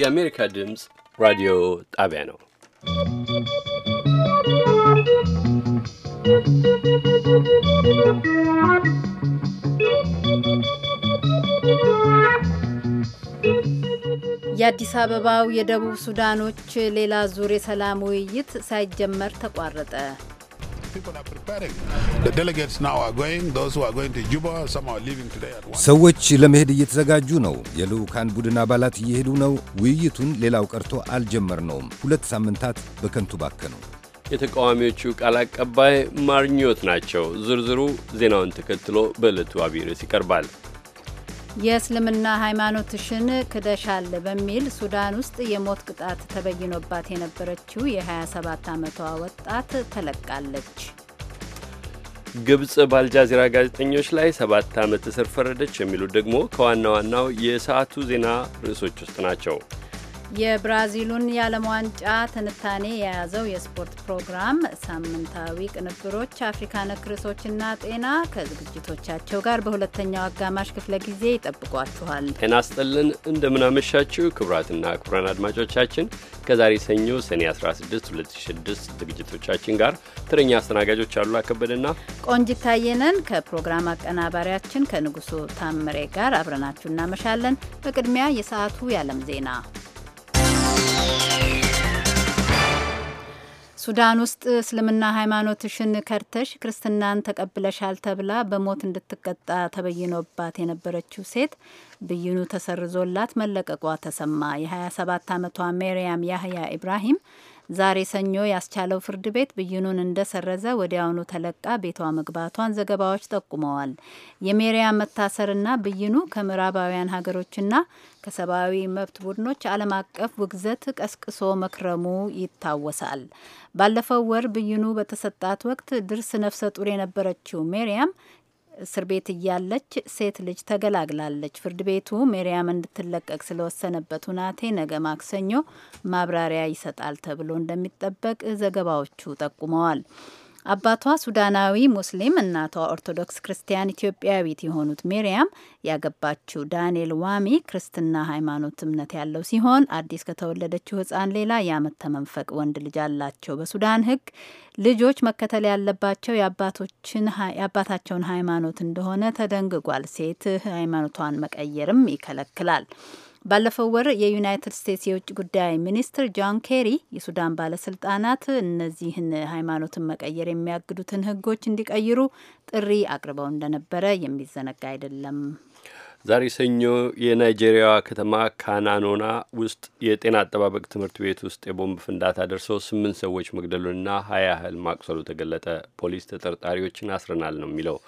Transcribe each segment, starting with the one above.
የአሜሪካ ድምፅ ራዲዮ ጣቢያ ነው። የአዲስ አበባው የደቡብ ሱዳኖች ሌላ ዙር የሰላም ውይይት ሳይጀመር ተቋረጠ። ሰዎች ለመሄድ እየተዘጋጁ ነው። የልዑካን ቡድን አባላት እየሄዱ ነው። ውይይቱን ሌላው ቀርቶ አልጀመርነውም። ሁለት ሳምንታት በከንቱ ባከኑ። የተቃዋሚዎቹ ቃል አቀባይ ማርኞት ናቸው። ዝርዝሩ ዜናውን ተከትሎ በዕለቱ አብይ ርዕስ ይቀርባል። የእስልምና ሃይማኖትሽን ክደሻል በሚል ሱዳን ውስጥ የሞት ቅጣት ተበይኖባት የነበረችው የ27 ዓመቷ ወጣት ተለቃለች። ግብጽ በአልጃዚራ ጋዜጠኞች ላይ ሰባት ዓመት እስር ፈረደች። የሚሉት ደግሞ ከዋና ዋናው የሰዓቱ ዜና ርዕሶች ውስጥ ናቸው። የብራዚሉን የዓለም ዋንጫ ትንታኔ የያዘው የስፖርት ፕሮግራም ሳምንታዊ ቅንብሮች፣ አፍሪካ ነክ ርዕሶችና ጤና ከዝግጅቶቻቸው ጋር በሁለተኛው አጋማሽ ክፍለ ጊዜ ይጠብቋችኋል። ጤና ይስጥልን፣ እንደምናመሻችው ክቡራትና ክቡራን አድማጮቻችን ከዛሬ ሰኞ ሰኔ 16 2006 ዝግጅቶቻችን ጋር ትረኛ አስተናጋጆች አሉ አከበደና ቆንጂት ከፕሮግራም አቀናባሪያችን ከንጉሱ ታምሬ ጋር አብረናችሁ እናመሻለን። በቅድሚያ የሰዓቱ የዓለም ዜና ሱዳን ውስጥ እስልምና ሃይማኖትሽን ከድተሽ ክርስትናን ተቀብለሻል ተብላ በሞት እንድትቀጣ ተበይኖባት የነበረችው ሴት ብይኑ ተሰርዞላት መለቀቋ ተሰማ። የ27 ዓመቷ ሜርያም ያህያ ኢብራሂም ዛሬ ሰኞ ያስቻለው ፍርድ ቤት ብይኑን እንደሰረዘ ወዲያውኑ ተለቃ ቤቷ መግባቷን ዘገባዎች ጠቁመዋል። የሜሪያም መታሰርና ብይኑ ከምዕራባውያን ሀገሮችና ከሰብአዊ መብት ቡድኖች ዓለም አቀፍ ውግዘት ቀስቅሶ መክረሙ ይታወሳል። ባለፈው ወር ብይኑ በተሰጣት ወቅት ድርስ ነፍሰ ጡር የነበረችው ሜሪያም እስር ቤት እያለች ሴት ልጅ ተገላግላለች። ፍርድ ቤቱ ሜሪያም እንድትለቀቅ ስለወሰነበት ሁናቴ ነገ ማክሰኞ ማብራሪያ ይሰጣል ተብሎ እንደሚጠበቅ ዘገባዎቹ ጠቁመዋል። አባቷ ሱዳናዊ ሙስሊም፣ እናቷ ኦርቶዶክስ ክርስቲያን ኢትዮጵያዊት የሆኑት ሜሪያም ያገባችው ዳንኤል ዋሚ ክርስትና ሃይማኖት እምነት ያለው ሲሆን አዲስ ከተወለደችው ህፃን ሌላ የአመት ተመንፈቅ ወንድ ልጅ አላቸው። በሱዳን ህግ ልጆች መከተል ያለባቸው የአባታቸውን ሃይማኖት እንደሆነ ተደንግጓል። ሴት ሃይማኖቷን መቀየርም ይከለክላል። ባለፈው ወር የዩናይትድ ስቴትስ የውጭ ጉዳይ ሚኒስትር ጆን ኬሪ የሱዳን ባለስልጣናት እነዚህን ሃይማኖትን መቀየር የሚያግዱትን ህጎች እንዲቀይሩ ጥሪ አቅርበው እንደነበረ የሚዘነጋ አይደለም። ዛሬ ሰኞ የናይጄሪያዋ ከተማ ካናኖና ውስጥ የጤና አጠባበቅ ትምህርት ቤት ውስጥ የቦምብ ፍንዳታ ደርሶ ስምንት ሰዎች መግደሉንና ሀያ ያህል ማቁሰሉ ተገለጠ። ፖሊስ ተጠርጣሪዎችን አስረናል ነው የሚለው።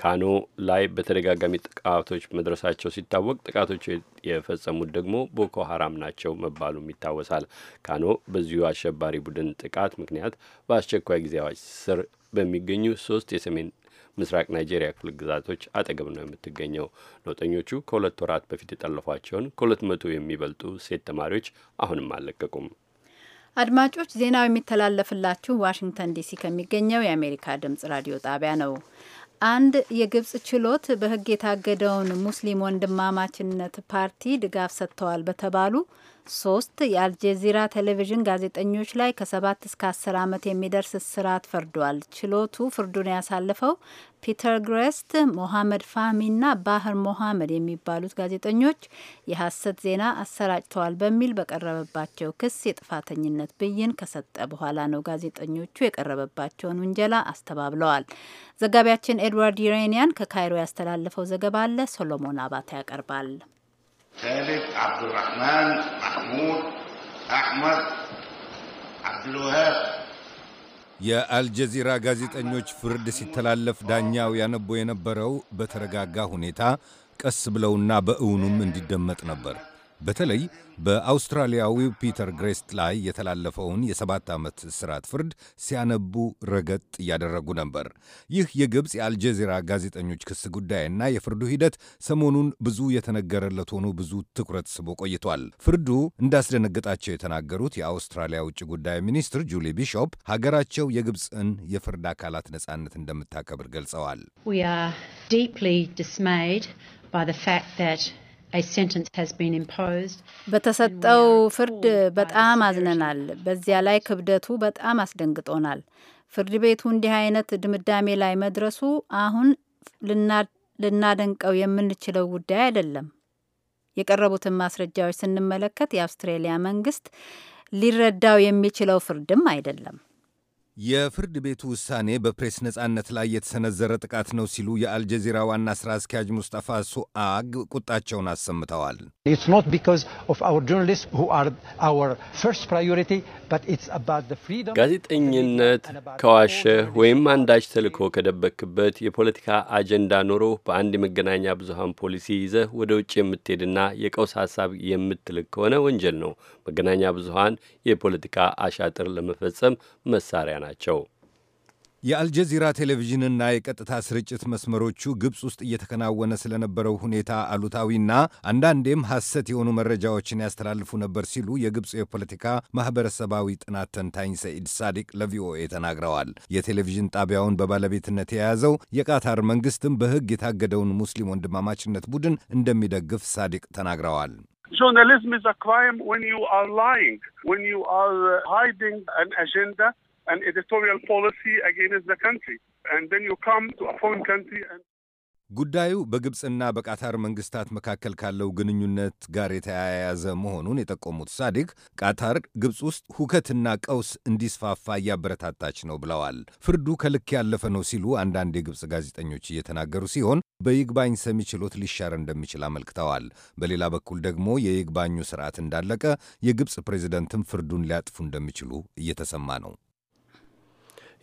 ካኖ ላይ በተደጋጋሚ ጥቃቶች መድረሳቸው ሲታወቅ ጥቃቶቹ የፈጸሙት ደግሞ ቦኮ ሀራም ናቸው መባሉም ይታወሳል። ካኖ በዚሁ አሸባሪ ቡድን ጥቃት ምክንያት በአስቸኳይ ጊዜ አዋጅ ስር በሚገኙ ሶስት የሰሜን ምስራቅ ናይጄሪያ ክፍል ግዛቶች አጠገብ ነው የምትገኘው። ነውጠኞቹ ከሁለት ወራት በፊት የጠለፏቸውን ከሁለት መቶ የሚበልጡ ሴት ተማሪዎች አሁንም አልለቀቁም። አድማጮች ዜናው የሚተላለፍላችሁ ዋሽንግተን ዲሲ ከሚገኘው የአሜሪካ ድምጽ ራዲዮ ጣቢያ ነው። አንድ የግብጽ ችሎት በህግ የታገደውን ሙስሊም ወንድማማችነት ፓርቲ ድጋፍ ሰጥተዋል በተባሉ ሶስት የአልጀዚራ ቴሌቪዥን ጋዜጠኞች ላይ ከሰባት እስከ አስር ዓመት የሚደርስ እስራት ፈርዷል። ችሎቱ ፍርዱን ያሳለፈው ፒተር ግሬስት፣ ሞሐመድ ፋህሚና ባህር ሞሐመድ የሚባሉት ጋዜጠኞች የሐሰት ዜና አሰራጭተዋል በሚል በቀረበባቸው ክስ የጥፋተኝነት ብይን ከሰጠ በኋላ ነው። ጋዜጠኞቹ የቀረበባቸውን ውንጀላ አስተባብለዋል። ዘጋቢያችን ኤድዋርድ ዩሬኒያን ከካይሮ ያስተላለፈው ዘገባ አለ። ሶሎሞን አባተ ያቀርባል። ثالث عبد الرحمن محمود أحمد عبد الوهاب የአልጀዚራ ጋዜጠኞች ፍርድ ሲተላለፍ ዳኛው ያነቦ የነበረው በተረጋጋ ሁኔታ ቀስ ብለውና በእውኑም እንዲደመጥ ነበር። በተለይ በአውስትራሊያዊው ፒተር ግሬስት ላይ የተላለፈውን የሰባት ዓመት እስራት ፍርድ ሲያነቡ ረገጥ እያደረጉ ነበር። ይህ የግብፅ የአልጀዚራ ጋዜጠኞች ክስ ጉዳይና የፍርዱ ሂደት ሰሞኑን ብዙ የተነገረለት ሆኖ ብዙ ትኩረት ስቦ ቆይቷል። ፍርዱ እንዳስደነገጣቸው የተናገሩት የአውስትራሊያ ውጭ ጉዳይ ሚኒስትር ጁሊ ቢሾፕ ሀገራቸው የግብፅን የፍርድ አካላት ነጻነት እንደምታከብር ገልጸዋል። በተሰጠው ፍርድ በጣም አዝነናል። በዚያ ላይ ክብደቱ በጣም አስደንግጦናል። ፍርድ ቤቱ እንዲህ አይነት ድምዳሜ ላይ መድረሱ አሁን ልናደንቀው የምንችለው ጉዳይ አይደለም። የቀረቡትን ማስረጃዎች ስንመለከት የአውስትሬሊያ መንግስት ሊረዳው የሚችለው ፍርድም አይደለም። የፍርድ ቤቱ ውሳኔ በፕሬስ ነጻነት ላይ የተሰነዘረ ጥቃት ነው ሲሉ የአልጀዚራ ዋና ስራ አስኪያጅ ሙስጠፋ ሱአግ ቁጣቸውን አሰምተዋል። ጋዜጠኝነት ከዋሸ ወይም አንዳች ተልዕኮ ከደበክበት የፖለቲካ አጀንዳ ኖሮ በአንድ የመገናኛ ብዙሃን ፖሊሲ ይዘህ ወደ ውጭ የምትሄድና የቀውስ ሀሳብ የምትልክ ከሆነ ወንጀል ነው። መገናኛ ብዙሃን የፖለቲካ አሻጥር ለመፈጸም መሳሪያ ነው። ናቸው። የአልጀዚራ ቴሌቪዥንና የቀጥታ ስርጭት መስመሮቹ ግብፅ ውስጥ እየተከናወነ ስለነበረው ሁኔታ አሉታዊና አንዳንዴም ሐሰት የሆኑ መረጃዎችን ያስተላልፉ ነበር ሲሉ የግብፅ የፖለቲካ ማኅበረሰባዊ ጥናት ተንታኝ ሰኢድ ሳዲቅ ለቪኦኤ ተናግረዋል። የቴሌቪዥን ጣቢያውን በባለቤትነት የያዘው የቃታር መንግሥትም በሕግ የታገደውን ሙስሊም ወንድማማችነት ቡድን እንደሚደግፍ ሳዲቅ ተናግረዋል። ጆርናሊዝም ኢዝ አ ክራይም ወን ዩ አር ላይንግ ወን ዩ አር ሃይዲንግ አን አጀንዳ an editorial policy against the country. And then you come to a foreign country and ጉዳዩ በግብፅና በቃታር መንግስታት መካከል ካለው ግንኙነት ጋር የተያያዘ መሆኑን የጠቆሙት ሳዲግ ቃታር ግብፅ ውስጥ ሁከትና ቀውስ እንዲስፋፋ እያበረታታች ነው ብለዋል። ፍርዱ ከልክ ያለፈ ነው ሲሉ አንዳንድ የግብፅ ጋዜጠኞች እየተናገሩ ሲሆን በይግባኝ ሰሚ ችሎት ሊሻር እንደሚችል አመልክተዋል። በሌላ በኩል ደግሞ የይግባኙ ስርዓት እንዳለቀ የግብፅ ፕሬዚደንትም ፍርዱን ሊያጥፉ እንደሚችሉ እየተሰማ ነው።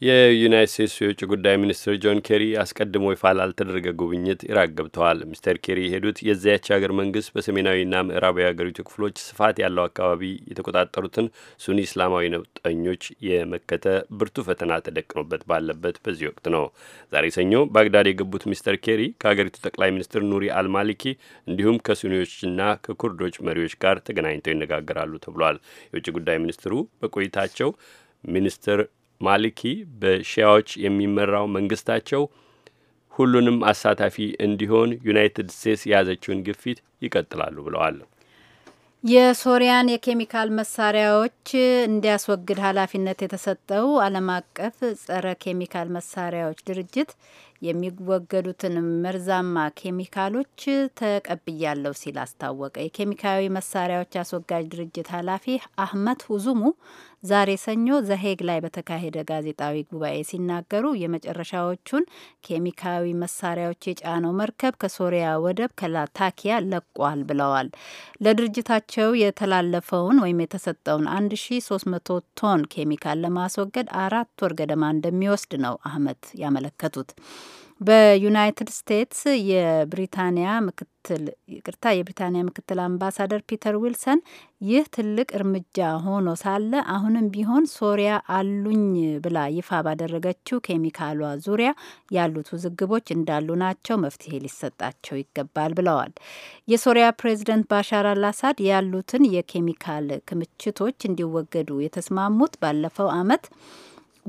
የዩናይት ስቴትስ የውጭ ጉዳይ ሚኒስትር ጆን ኬሪ አስቀድሞ ይፋ ላልተደረገ ጉብኝት ኢራቅ ገብተዋል። ሚስተር ኬሪ የሄዱት የዚያች ሀገር መንግስት በሰሜናዊና ምዕራባዊ ሀገሪቱ ክፍሎች ስፋት ያለው አካባቢ የተቆጣጠሩትን ሱኒ እስላማዊ ነውጠኞች የመከተ ብርቱ ፈተና ተደቅኖበት ባለበት በዚህ ወቅት ነው። ዛሬ ሰኞ ባግዳድ የገቡት ሚስተር ኬሪ ከሀገሪቱ ጠቅላይ ሚኒስትር ኑሪ አልማሊኪ እንዲሁም ከሱኒዎችና ከኩርዶች መሪዎች ጋር ተገናኝተው ይነጋገራሉ ተብሏል። የውጭ ጉዳይ ሚኒስትሩ በቆይታቸው ሚኒስትር ማሊኪ በሺያዎች የሚመራው መንግስታቸው ሁሉንም አሳታፊ እንዲሆን ዩናይትድ ስቴትስ የያዘችውን ግፊት ይቀጥላሉ ብለዋል። የሶሪያን የኬሚካል መሳሪያዎች እንዲያስወግድ ኃላፊነት የተሰጠው ዓለም አቀፍ ጸረ ኬሚካል መሳሪያዎች ድርጅት የሚወገዱትን መርዛማ ኬሚካሎች ተቀብያለሁ ሲል አስታወቀ። የኬሚካዊ መሳሪያዎች አስወጋጅ ድርጅት ኃላፊ አህመት ሁዙሙ ዛሬ ሰኞ ዘሄግ ላይ በተካሄደ ጋዜጣዊ ጉባኤ ሲናገሩ የመጨረሻዎቹን ኬሚካዊ መሳሪያዎች የጫነው መርከብ ከሶሪያ ወደብ ከላታኪያ ለቋል ብለዋል። ለድርጅታቸው የተላለፈውን ወይም የተሰጠውን 1300 ቶን ኬሚካል ለማስወገድ አራት ወር ገደማ እንደሚወስድ ነው አህመት ያመለከቱት። በዩናይትድ ስቴትስ የብሪታንያ ምክትል ይቅርታ የብሪታንያ ምክትል አምባሳደር ፒተር ዊልሰን ይህ ትልቅ እርምጃ ሆኖ ሳለ አሁንም ቢሆን ሶሪያ አሉኝ ብላ ይፋ ባደረገችው ኬሚካሏ ዙሪያ ያሉት ውዝግቦች እንዳሉ ናቸው፣ መፍትሄ ሊሰጣቸው ይገባል ብለዋል። የሶሪያ ፕሬዚደንት ባሻር አልአሳድ ያሉትን የኬሚካል ክምችቶች እንዲወገዱ የተስማሙት ባለፈው አመት ።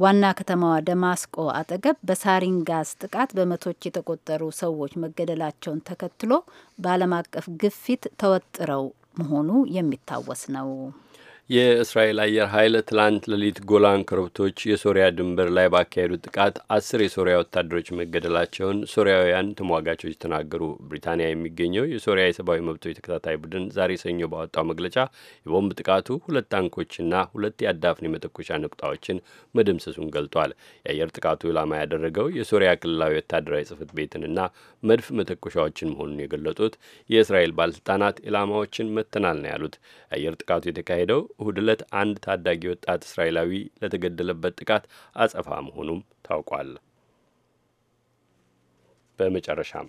ዋና ከተማዋ ደማስቆ አጠገብ በሳሪን ጋዝ ጥቃት በመቶች የተቆጠሩ ሰዎች መገደላቸውን ተከትሎ በዓለም አቀፍ ግፊት ተወጥረው መሆኑ የሚታወስ ነው። የእስራኤል አየር ኃይል ትላንት ሌሊት ጎላን ኮረብቶች የሶሪያ ድንበር ላይ ባካሄዱት ጥቃት አስር የሶሪያ ወታደሮች መገደላቸውን ሶሪያውያን ተሟጋቾች ተናገሩ። ብሪታንያ የሚገኘው የሶሪያ የሰብአዊ መብቶች ተከታታይ ቡድን ዛሬ ሰኞ ባወጣው መግለጫ የቦምብ ጥቃቱ ሁለት ታንኮችና ሁለት የአዳፍኔ መተኮሻ ንቁጣዎችን መደምሰሱን ገልጧል። የአየር ጥቃቱ ኢላማ ያደረገው የሶሪያ ክልላዊ ወታደራዊ ጽሕፈት ቤትንና መድፍ መተኮሻዎችን መሆኑን የገለጡት የእስራኤል ባለስልጣናት ኢላማዎችን መተናል ነው ያሉት። የአየር ጥቃቱ የተካሄደው እሁድ ዕለት አንድ ታዳጊ ወጣት እስራኤላዊ ለተገደለበት ጥቃት አጸፋ መሆኑም ታውቋል። በመጨረሻም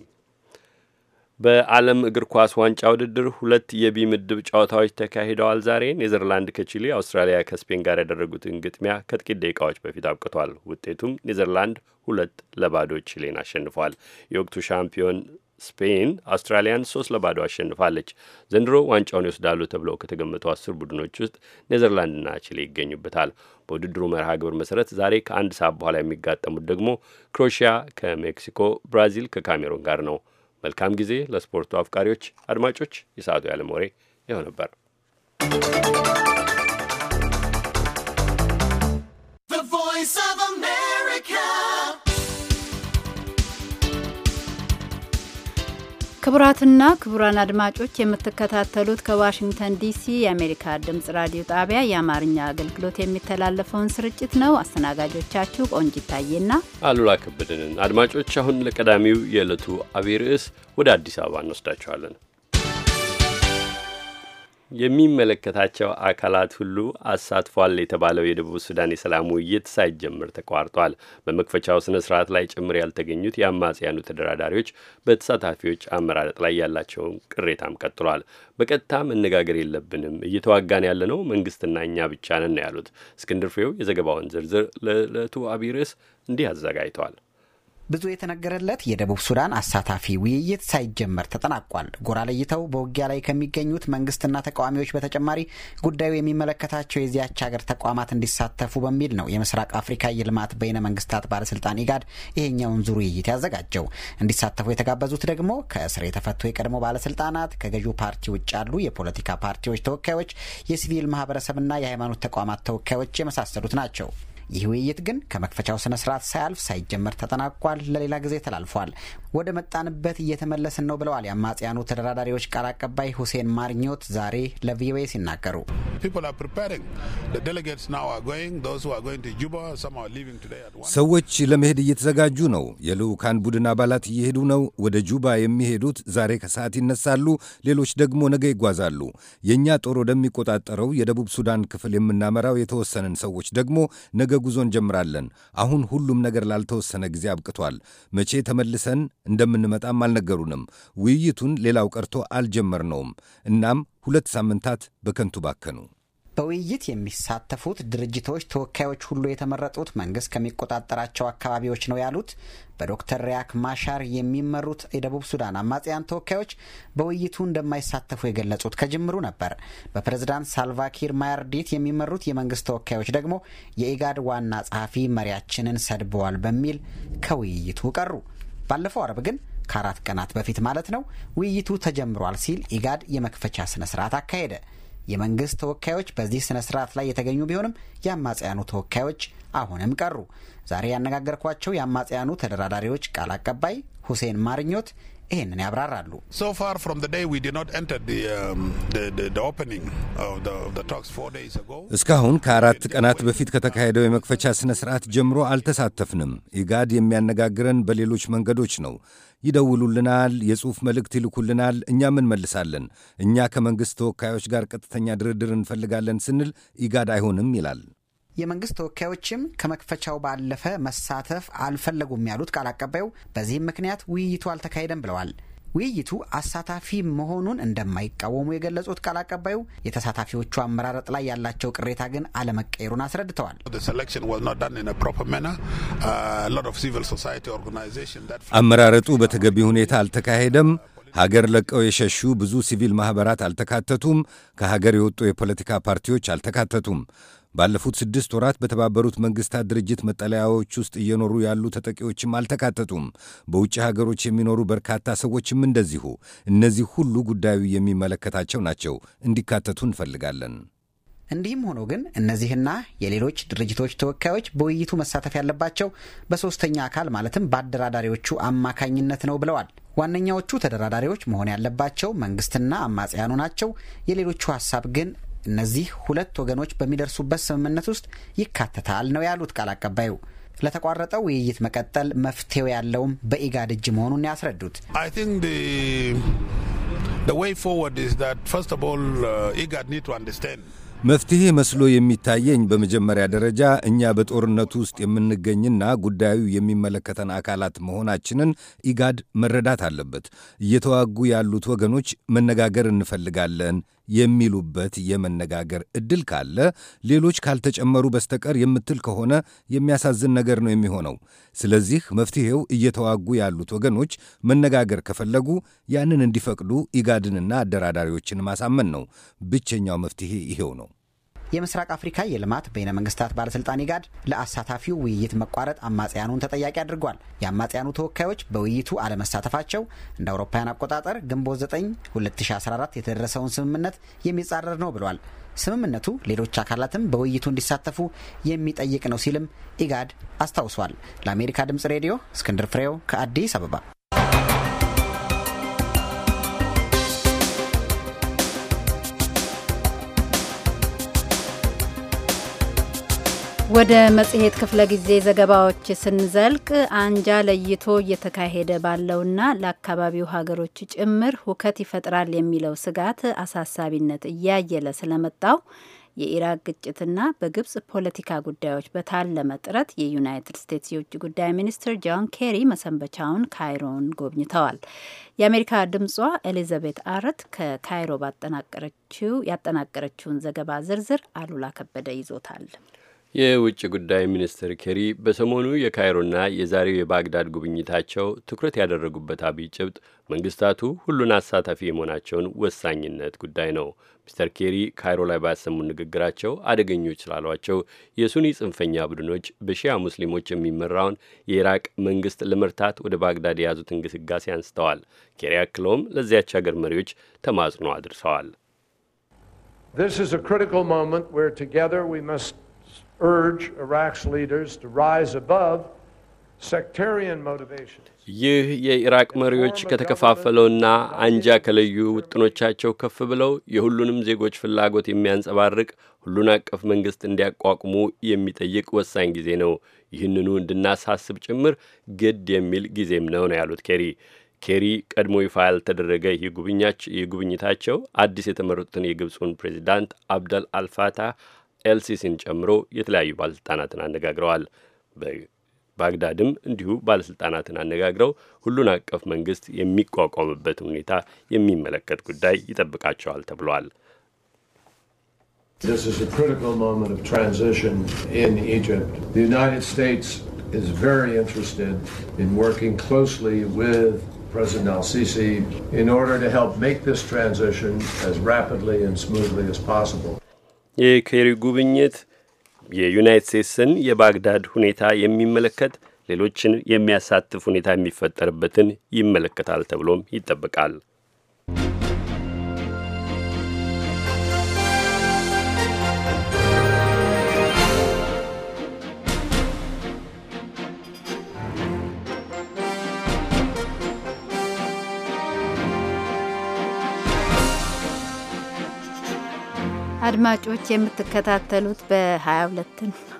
በዓለም እግር ኳስ ዋንጫ ውድድር ሁለት የቢ ምድብ ጨዋታዎች ተካሂደዋል። ዛሬ ኔዘርላንድ ከቺሊ፣ አውስትራሊያ ከስፔን ጋር ያደረጉትን ግጥሚያ ከጥቂት ደቂቃዎች በፊት አብቅቷል። ውጤቱም ኔዘርላንድ ሁለት ለባዶ ቺሌን አሸንፏል። የወቅቱ ሻምፒዮን ስፔን አውስትራሊያን ሶስት ለባዶ አሸንፋለች። ዘንድሮ ዋንጫውን ይወስዳሉ ተብለው ከተገመቱ አስር ቡድኖች ውስጥ ኔዘርላንድና ቺሌ ይገኙበታል። በውድድሩ መርሃ ግብር መሰረት ዛሬ ከአንድ ሰዓት በኋላ የሚጋጠሙት ደግሞ ክሮሺያ ከሜክሲኮ፣ ብራዚል ከካሜሩን ጋር ነው። መልካም ጊዜ ለስፖርቱ አፍቃሪዎች አድማጮች። የሰዓቱ ያለም ወሬ ይኸው ነበር። ክቡራትና ክቡራን አድማጮች የምትከታተሉት ከዋሽንግተን ዲሲ የአሜሪካ ድምጽ ራዲዮ ጣቢያ የአማርኛ አገልግሎት የሚተላለፈውን ስርጭት ነው። አስተናጋጆቻችሁ ቆንጅ ይታየና አሉላ ከበደንን። አድማጮች አሁን ለቀዳሚው የዕለቱ አብይ ርዕስ ወደ አዲስ አበባ እንወስዳችኋለን። የሚመለከታቸው አካላት ሁሉ አሳትፏል የተባለው የደቡብ ሱዳን የሰላም ውይይት ሳይጀምር ተቋርጧል። በመክፈቻው ስነ ስርዓት ላይ ጭምር ያልተገኙት የአማጽያኑ ተደራዳሪዎች በተሳታፊዎች አመራረጥ ላይ ያላቸውን ቅሬታም ቀጥሏል። በቀጥታ መነጋገር የለብንም እየተዋጋን ያለነው መንግስትና እኛ ብቻ ነን ያሉት እስክንድር ፍሬው የዘገባውን ዝርዝር ለዕለቱ አብይ ርዕስ እንዲህ አዘጋጅተዋል። ብዙ የተነገረለት የደቡብ ሱዳን አሳታፊ ውይይት ሳይጀመር ተጠናቋል። ጎራ ለይተው በውጊያ ላይ ከሚገኙት መንግስትና ተቃዋሚዎች በተጨማሪ ጉዳዩ የሚመለከታቸው የዚያች ሀገር ተቋማት እንዲሳተፉ በሚል ነው የምስራቅ አፍሪካ የልማት በይነ መንግስታት ባለስልጣን ኢጋድ ይሄኛውን ዙር ውይይት ያዘጋጀው። እንዲሳተፉ የተጋበዙት ደግሞ ከእስር የተፈቱ የቀድሞ ባለስልጣናት፣ ከገዢው ፓርቲ ውጭ ያሉ የፖለቲካ ፓርቲዎች ተወካዮች፣ የሲቪል ማህበረሰብና የሃይማኖት ተቋማት ተወካዮች የመሳሰሉት ናቸው። ይህ ውይይት ግን ከመክፈቻው ስነ ስርዓት ሳያልፍ ሳይጀመር ተጠናቋል፣ ለሌላ ጊዜ ተላልፏል። ወደ መጣንበት እየተመለስን ነው ብለዋል የአማጽያኑ ተደራዳሪዎች ቃል አቀባይ ሁሴን ማርኞት ዛሬ ለቪኦኤ ሲናገሩ። ሰዎች ለመሄድ እየተዘጋጁ ነው። የልዑካን ቡድን አባላት እየሄዱ ነው። ወደ ጁባ የሚሄዱት ዛሬ ከሰዓት ይነሳሉ፣ ሌሎች ደግሞ ነገ ይጓዛሉ። የእኛ ጦር ወደሚቆጣጠረው የደቡብ ሱዳን ክፍል የምናመራው የተወሰንን ሰዎች ደግሞ ነገ ነገ ጉዞ እንጀምራለን። አሁን ሁሉም ነገር ላልተወሰነ ጊዜ አብቅቷል። መቼ ተመልሰን እንደምንመጣም አልነገሩንም። ውይይቱን ሌላው ቀርቶ አልጀመርነውም። እናም ሁለት ሳምንታት በከንቱ ባከኑ። በውይይት የሚሳተፉት ድርጅቶች ተወካዮች ሁሉ የተመረጡት መንግስት ከሚቆጣጠራቸው አካባቢዎች ነው ያሉት በዶክተር ሪያክ ማሻር የሚመሩት የደቡብ ሱዳን አማጽያን ተወካዮች በውይይቱ እንደማይሳተፉ የገለጹት ከጅምሩ ነበር። በፕሬዝዳንት ሳልቫኪር ማያርዲት የሚመሩት የመንግስት ተወካዮች ደግሞ የኢጋድ ዋና ጸሐፊ መሪያችንን ሰድበዋል በሚል ከውይይቱ ቀሩ። ባለፈው አረብ ግን ከአራት ቀናት በፊት ማለት ነው ውይይቱ ተጀምሯል ሲል ኢጋድ የመክፈቻ ስነ ስርዓት አካሄደ። የመንግስት ተወካዮች በዚህ ስነ ስርዓት ላይ የተገኙ ቢሆንም የአማጽያኑ ተወካዮች አሁንም ቀሩ። ዛሬ ያነጋገርኳቸው የአማጽያኑ ተደራዳሪዎች ቃል አቀባይ ሁሴን ማርኞት ይህንን ያብራራሉ። እስካሁን ከአራት ቀናት በፊት ከተካሄደው የመክፈቻ ሥነ ሥርዓት ጀምሮ አልተሳተፍንም። ኢጋድ የሚያነጋግረን በሌሎች መንገዶች ነው። ይደውሉልናል፣ የጽሑፍ መልእክት ይልኩልናል፣ እኛም እንመልሳለን። እኛ ከመንግሥት ተወካዮች ጋር ቀጥተኛ ድርድር እንፈልጋለን ስንል ኢጋድ አይሆንም ይላል። የመንግስት ተወካዮችም ከመክፈቻው ባለፈ መሳተፍ አልፈለጉም ያሉት ቃል አቀባዩ፣ በዚህም ምክንያት ውይይቱ አልተካሄደም ብለዋል። ውይይቱ አሳታፊ መሆኑን እንደማይቃወሙ የገለጹት ቃል አቀባዩ የተሳታፊዎቹ አመራረጥ ላይ ያላቸው ቅሬታ ግን አለመቀየሩን አስረድተዋል። uh, አመራረጡ በተገቢ ሁኔታ አልተካሄደም። ሀገር ለቀው የሸሹ ብዙ ሲቪል ማኅበራት አልተካተቱም። ከሀገር የወጡ የፖለቲካ ፓርቲዎች አልተካተቱም። ባለፉት ስድስት ወራት በተባበሩት መንግስታት ድርጅት መጠለያዎች ውስጥ እየኖሩ ያሉ ተጠቂዎችም አልተካተቱም። በውጭ ሀገሮች የሚኖሩ በርካታ ሰዎችም እንደዚሁ። እነዚህ ሁሉ ጉዳዩ የሚመለከታቸው ናቸው። እንዲካተቱ እንፈልጋለን። እንዲህም ሆኖ ግን እነዚህና የሌሎች ድርጅቶች ተወካዮች በውይይቱ መሳተፍ ያለባቸው በሶስተኛ አካል ማለትም በአደራዳሪዎቹ አማካኝነት ነው ብለዋል። ዋነኛዎቹ ተደራዳሪዎች መሆን ያለባቸው መንግስትና አማጽያኑ ናቸው። የሌሎቹ ሀሳብ ግን እነዚህ ሁለት ወገኖች በሚደርሱበት ስምምነት ውስጥ ይካተታል ነው ያሉት ቃል አቀባዩ። ለተቋረጠው ውይይት መቀጠል መፍትሄው ያለውም በኢጋድ እጅ መሆኑን ያስረዱት uh, መፍትሄ መስሎ የሚታየኝ በመጀመሪያ ደረጃ እኛ በጦርነቱ ውስጥ የምንገኝና ጉዳዩ የሚመለከተን አካላት መሆናችንን ኢጋድ መረዳት አለበት። እየተዋጉ ያሉት ወገኖች መነጋገር እንፈልጋለን የሚሉበት የመነጋገር ዕድል ካለ ሌሎች ካልተጨመሩ በስተቀር የምትል ከሆነ የሚያሳዝን ነገር ነው የሚሆነው። ስለዚህ መፍትሔው እየተዋጉ ያሉት ወገኖች መነጋገር ከፈለጉ ያንን እንዲፈቅዱ ኢጋድንና አደራዳሪዎችን ማሳመን ነው። ብቸኛው መፍትሔ ይሄው ነው። የምስራቅ አፍሪካ የልማት በይነ መንግስታት ባለስልጣን ኢጋድ ለአሳታፊው ውይይት መቋረጥ አማጽያኑን ተጠያቂ አድርጓል። የአማጽያኑ ተወካዮች በውይይቱ አለመሳተፋቸው እንደ አውሮፓውያን አቆጣጠር ግንቦት 9 2014 የተደረሰውን ስምምነት የሚጻረር ነው ብሏል። ስምምነቱ ሌሎች አካላትም በውይይቱ እንዲሳተፉ የሚጠይቅ ነው ሲልም ኢጋድ አስታውሷል። ለአሜሪካ ድምጽ ሬዲዮ እስክንድር ፍሬው ከአዲስ አበባ ወደ መጽሔት ክፍለ ጊዜ ዘገባዎች ስንዘልቅ አንጃ ለይቶ እየተካሄደ ባለውና ለአካባቢው ሀገሮች ጭምር ሁከት ይፈጥራል የሚለው ስጋት አሳሳቢነት እያየለ ስለመጣው የኢራቅ ግጭትና በግብጽ ፖለቲካ ጉዳዮች በታለመ ጥረት የዩናይትድ ስቴትስ የውጭ ጉዳይ ሚኒስትር ጆን ኬሪ መሰንበቻውን ካይሮን ጎብኝተዋል። የአሜሪካ ድምጿ ኤሊዛቤት አረት ከካይሮ ያጠናቀረችውን ዘገባ ዝርዝር አሉላ ከበደ ይዞታል። የውጭ ጉዳይ ሚኒስትር ኬሪ በሰሞኑ የካይሮና የዛሬው የባግዳድ ጉብኝታቸው ትኩረት ያደረጉበት አብይ ጭብጥ መንግስታቱ ሁሉን አሳታፊ የመሆናቸውን ወሳኝነት ጉዳይ ነው። ሚስተር ኬሪ ካይሮ ላይ ባሰሙ ንግግራቸው አደገኞች ስላሏቸው የሱኒ ጽንፈኛ ቡድኖች በሺያ ሙስሊሞች የሚመራውን የኢራቅ መንግስት ለመርታት ወደ ባግዳድ የያዙት እንቅስቃሴ አንስተዋል። ኬሪ አክለውም ለዚያች ሀገር መሪዎች ተማጽኖ አድርሰዋል። This is a critical moment where together we must urge Iraq's leaders to rise above ይህ የኢራቅ መሪዎች ከተከፋፈለውና አንጃ ከለዩ ውጥኖቻቸው ከፍ ብለው የሁሉንም ዜጎች ፍላጎት የሚያንጸባርቅ ሁሉን አቀፍ መንግስት እንዲያቋቁሙ የሚጠይቅ ወሳኝ ጊዜ ነው። ይህንኑ እንድናሳስብ ጭምር ግድ የሚል ጊዜም ነው ነው ያሉት ኬሪ። ኬሪ ቀድሞ ይፋ ያልተደረገ የጉብኝታቸው አዲስ የተመረጡትን የግብፁን ፕሬዚዳንት አብደል አልፋታህ ኤልሲሲን ጨምሮ የተለያዩ ባለስልጣናትን አነጋግረዋል። ባግዳድም እንዲሁ ባለስልጣናትን አነጋግረው ሁሉን አቀፍ መንግስት የሚቋቋምበት ሁኔታ የሚመለከት ጉዳይ ይጠብቃቸዋል ተብሏል። President al-Sisi in order to help make this transition as rapidly and smoothly as possible. የኬሪ ጉብኝት የዩናይት ስቴትስን የባግዳድ ሁኔታ የሚመለከት ሌሎችን የሚያሳትፍ ሁኔታ የሚፈጠርበትን ይመለከታል ተብሎም ይጠበቃል። አድማጮች የምትከታተሉት በ22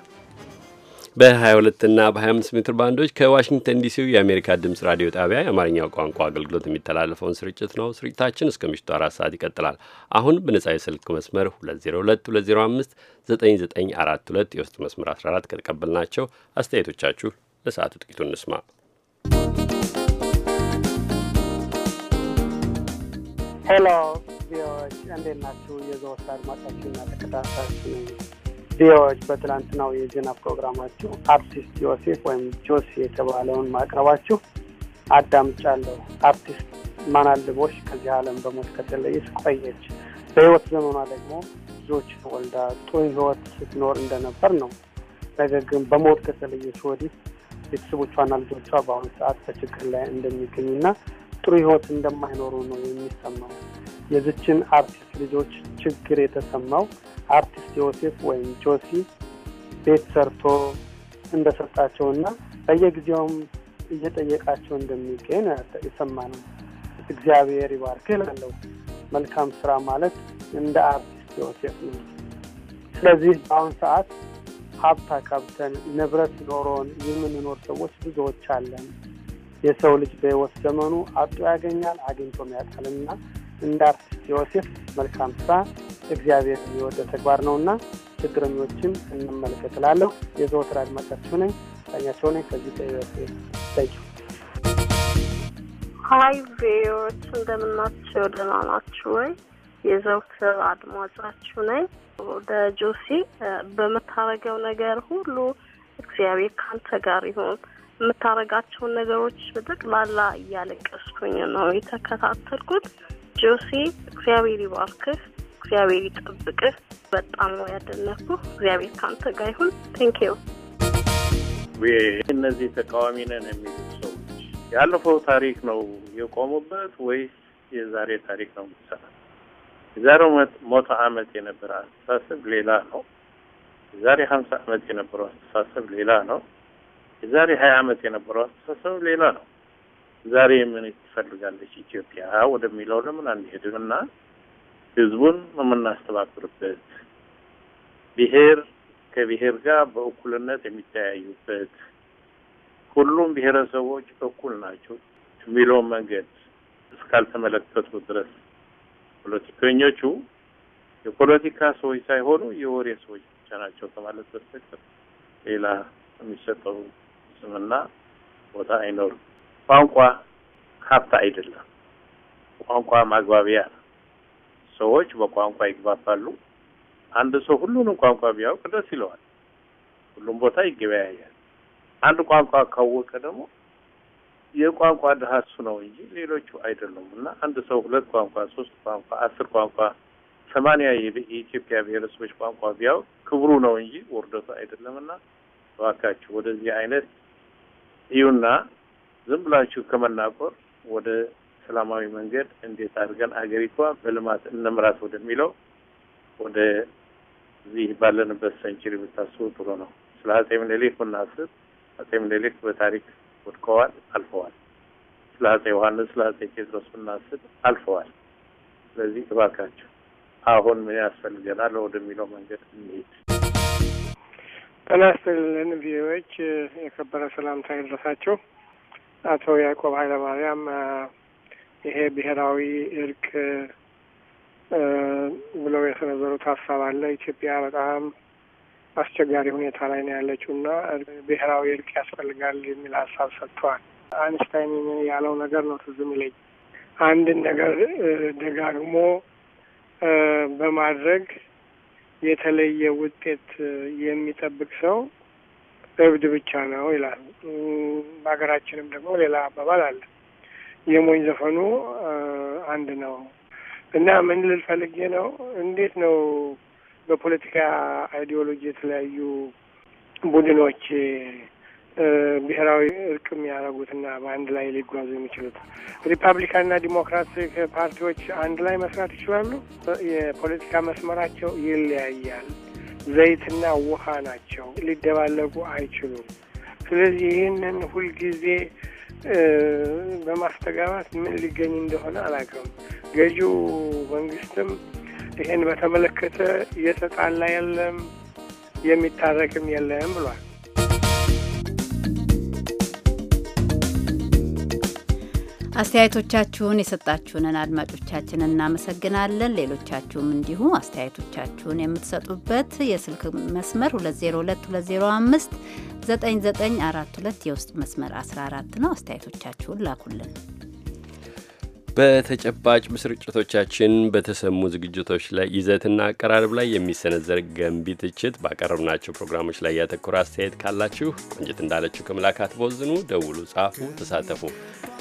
በ22 እና በ25 ሜትር ባንዶች ከዋሽንግተን ዲሲው የአሜሪካ ድምፅ ራዲዮ ጣቢያ የአማርኛው ቋንቋ አገልግሎት የሚተላለፈውን ስርጭት ነው። ስርጭታችን እስከ ምሽቱ አራት ሰዓት ይቀጥላል። አሁን በነጻ የስልክ መስመር 2022059942 የውስጥ መስመር 14 ከተቀበልናቸው አስተያየቶቻችሁ ለሰዓቱ ጥቂቱ እንስማ። ሄሎ እንዴት ናችሁ? የዘወትር አድማጫችሁና ተከታታችሁ ቪዎች በትላንትናው የዜና ፕሮግራማችሁ አርቲስት ዮሴፍ ወይም ጆሲ የተባለውን ማቅረባችሁ አዳምጫለሁ። አርቲስት ማናልቦሽ ከዚህ ዓለም በሞት ከተለየች ቆየች። በህይወት ዘመኗ ደግሞ ብዙዎች ተወልዳ ጥሩ ህይወት ስትኖር እንደነበር ነው። ነገር ግን በሞት ከተለየች ወዲህ ቤተሰቦቿና ልጆቿ በአሁኑ ሰዓት በችግር ላይ እንደሚገኙና ጥሩ ህይወት እንደማይኖሩ ነው የሚሰማው። የዝችን አርቲስት ልጆች ችግር የተሰማው አርቲስት ዮሴፍ ወይም ጆሲ ቤት ሰርቶ እንደሰጣቸውና በየጊዜውም እየጠየቃቸው እንደሚገኝ የሰማ ነው። እግዚአብሔር ይባርክ እላለሁ። መልካም ስራ ማለት እንደ አርቲስት ዮሴፍ ነው። ስለዚህ በአሁን ሰዓት ሀብት አካብተን ንብረት ኖሮን የምንኖር ሰዎች ብዙዎች አለን። የሰው ልጅ በህይወት ዘመኑ አጥቶ ያገኛል አግኝቶም ያጣልና እንዳት ዮሴፍ መልካም ስራ እግዚአብሔር የወደ ተግባር ነውና ችግረኞችን እንመለከት የዘወትር አድማጫችሁ ነኝ። ዳኛቸው ነኝ ከዚህ ከዩኤስኤ ታንኪዩ። ሀይ ቪዎች እንደምናቸው ደህና ወይ? የዘውትር አድማጫችሁ ነኝ። ወደ ጆሲ በምታረገው ነገር ሁሉ እግዚአብሔር ካንተ ጋር ይሁን። የምታረጋቸውን ነገሮች በጠቅላላ እያለቀስኩኝ ነው የተከታተልኩት። ጆሲ እግዚአብሔር ይባርክህ፣ እግዚአብሔር ይጠብቅህ። በጣም ነው ያደነኩ። እግዚአብሔር ከአንተ ጋር ይሁን። ቴንኪዩ። እነዚህ ተቃዋሚ ነን የሚሉ ሰዎች ያለፈው ታሪክ ነው የቆሙበት ወይስ የዛሬ ታሪክ ነው የሚሰራ? የዛሬው ሞተ አመት የነበረ አስተሳሰብ ሌላ ነው። የዛሬ ሀምሳ አመት የነበረው አስተሳሰብ ሌላ ነው። የዛሬ ሀያ አመት የነበረው አስተሳሰብ ሌላ ነው። ዛሬ የምን ትፈልጋለች ኢትዮጵያ ወደሚለው ለምን አንሄድም እና ህዝቡን የምናስተባብርበት ብሄር ከብሄር ጋር በእኩልነት የሚተያዩበት ሁሉም ብሄረሰቦች እኩል ናቸው የሚለው መንገድ እስካልተመለከቱ ድረስ ፖለቲከኞቹ የፖለቲካ ሰዎች ሳይሆኑ የወሬ ሰዎች ብቻ ናቸው ከማለት በስተቀር ሌላ የሚሰጠው ስምና ቦታ አይኖርም። ቋንቋ ሀብት አይደለም፣ ቋንቋ ማግባቢያ ነው። ሰዎች በቋንቋ ይግባባሉ። አንድ ሰው ሁሉንም ቋንቋ ቢያውቅ ደስ ይለዋል። ሁሉም ቦታ ይገበያያል። አንድ ቋንቋ ካወቀ ደግሞ የቋንቋ ድሀ እሱ ነው እንጂ ሌሎቹ አይደሉም። እና አንድ ሰው ሁለት ቋንቋ፣ ሶስት ቋንቋ፣ አስር ቋንቋ፣ ሰማንያ የኢትዮጵያ ብሔረሰቦች ቋንቋ ቢያውቅ ክብሩ ነው እንጂ ውርደቱ አይደለም። እና እባካችሁ ወደዚህ አይነት እዩና ዝም ብላችሁ ከመናቆር ወደ ሰላማዊ መንገድ እንዴት አድርገን አገሪቷ በልማት እንምራት ወደሚለው ወደ እዚህ ባለንበት ሰንቸሪ ብታስቡ ጥሩ ነው። ስለ አጼ ምኒልክ ብናስብ አጼ ምኒልክ በታሪክ ወድቀዋል፣ አልፈዋል። ስለ አጼ ዮሐንስ፣ ስለ አጼ ቴዎድሮስ ብናስብ አልፈዋል። ስለዚህ እባካቸው አሁን ምን ያስፈልገናል ወደሚለው መንገድ እንሄድ። ጤና ይስጥልን ቪዎች የከበረ ሰላምታ ይድረሳችሁ። አቶ ያዕቆብ ኃይለማርያም ይሄ ብሔራዊ እርቅ ብለው የሰነዘሩት ሀሳብ አለ። ኢትዮጵያ በጣም አስቸጋሪ ሁኔታ ላይ ነው ያለችው እና ብሔራዊ እርቅ ያስፈልጋል የሚል ሀሳብ ሰጥተዋል። አይንስታይን ያለው ነገር ነው ትዝ ይለኝ አንድን ነገር ደጋግሞ በማድረግ የተለየ ውጤት የሚጠብቅ ሰው እብድ ብቻ ነው ይላል። በሀገራችንም ደግሞ ሌላ አባባል አለ፣ የሞኝ ዘፈኑ አንድ ነው። እና ምን ልል ፈልጌ ነው፣ እንዴት ነው በፖለቲካ አይዲዮሎጂ የተለያዩ ቡድኖች ብሔራዊ እርቅ ና በአንድ ላይ ሊጓዙ የሚችሉት ሪፐብሊካንና ዲሞክራቲክ ፓርቲዎች አንድ ላይ መስራት ይችላሉ። የፖለቲካ መስመራቸው ይለያያል። ዘይትና ውሃ ናቸው። ሊደባለቁ አይችሉም። ስለዚህ ይህንን ሁልጊዜ በማስተጋባት ምን ሊገኝ እንደሆነ አላውቅም። ገዢው መንግስትም ይህን በተመለከተ እየተጣላ የለም የሚታረቅም የለም ብሏል። አስተያየቶቻችሁን የሰጣችሁንን አድማጮቻችን እናመሰግናለን። ሌሎቻችሁም እንዲሁ አስተያየቶቻችሁን የምትሰጡበት የስልክ መስመር 202205 9942 የውስጥ መስመር 14 ነው። አስተያየቶቻችሁን ላኩልን። በተጨባጭ ስርጭቶቻችን በተሰሙ ዝግጅቶች ላይ ይዘትና አቀራረብ ላይ የሚሰነዘር ገንቢ ትችት፣ ባቀረብናቸው ፕሮግራሞች ላይ ያተኮረ አስተያየት ካላችሁ ቆንጅት እንዳለችው ከምላክ አትቦዝኑ፣ ደውሉ፣ ጻፉ፣ ተሳተፉ።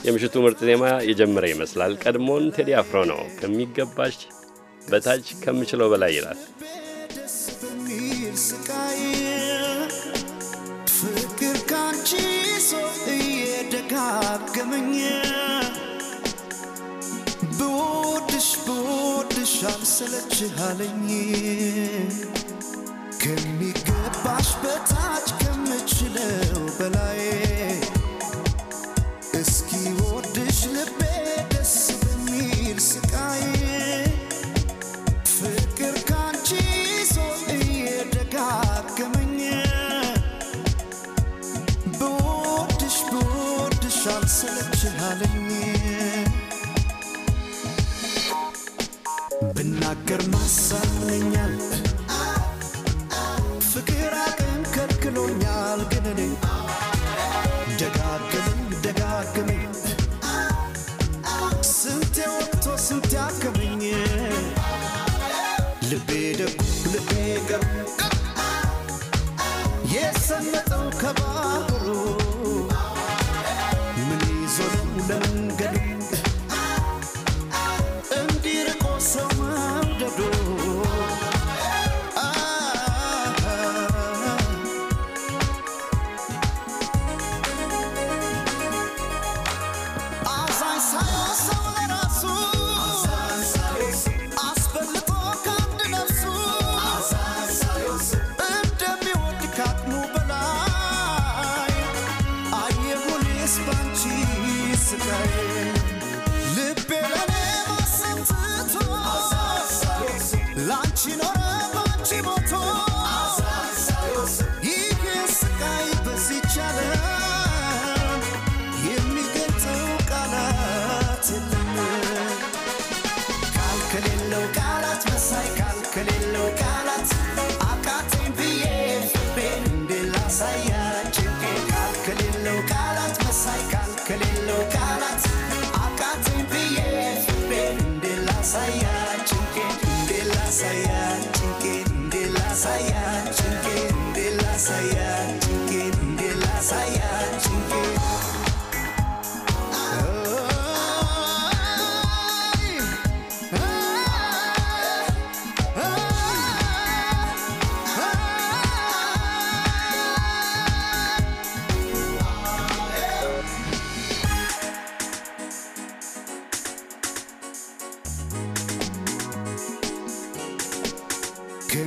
የምሽቱ ምርጥ ዜማ የጀመረ ይመስላል። ቀድሞን ቴዲ አፍሮ ነው። ከሚገባሽ በታች ከምችለው በላይ ይላል። ፍቅር ካንቺ ሰው እየደጋገመኝ ብወድሽ ብወድሽ አልሰለችህ አለኝ ከሚገባሽ በታች ከምችለው በላይ እስኪ ወድሽ ልቤ ደስ በሚል ስቃይ ፍቅር ካንቺ ሶ እየደጋገመኝ ብወድሽ ብወድሽ አልሰለች አምነኛል ፍቅር አቅም ከልክሎኛል ግን እኔ ደጋግመኝ ደጋግመኝ ስንቴ ወጥቶ ስንቴ አከመኝ ልቤ ደጉ ልቤ ከባ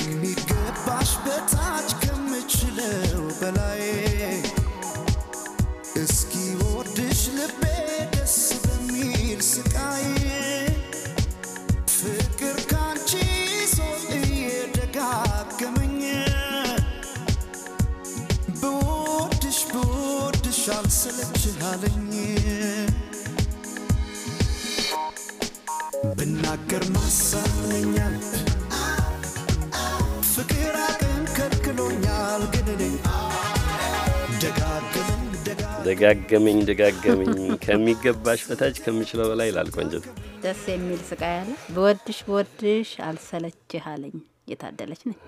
ከሚገባሽ በታች ደጋገመኝ ደጋገመኝ ከሚገባሽ በታች ከምችለው በላይ ይላል ቆንጅት። ደስ የሚል ስቃይ አለ። በወድሽ በወድሽ አልሰለችህ አለኝ። የታደለች ነች።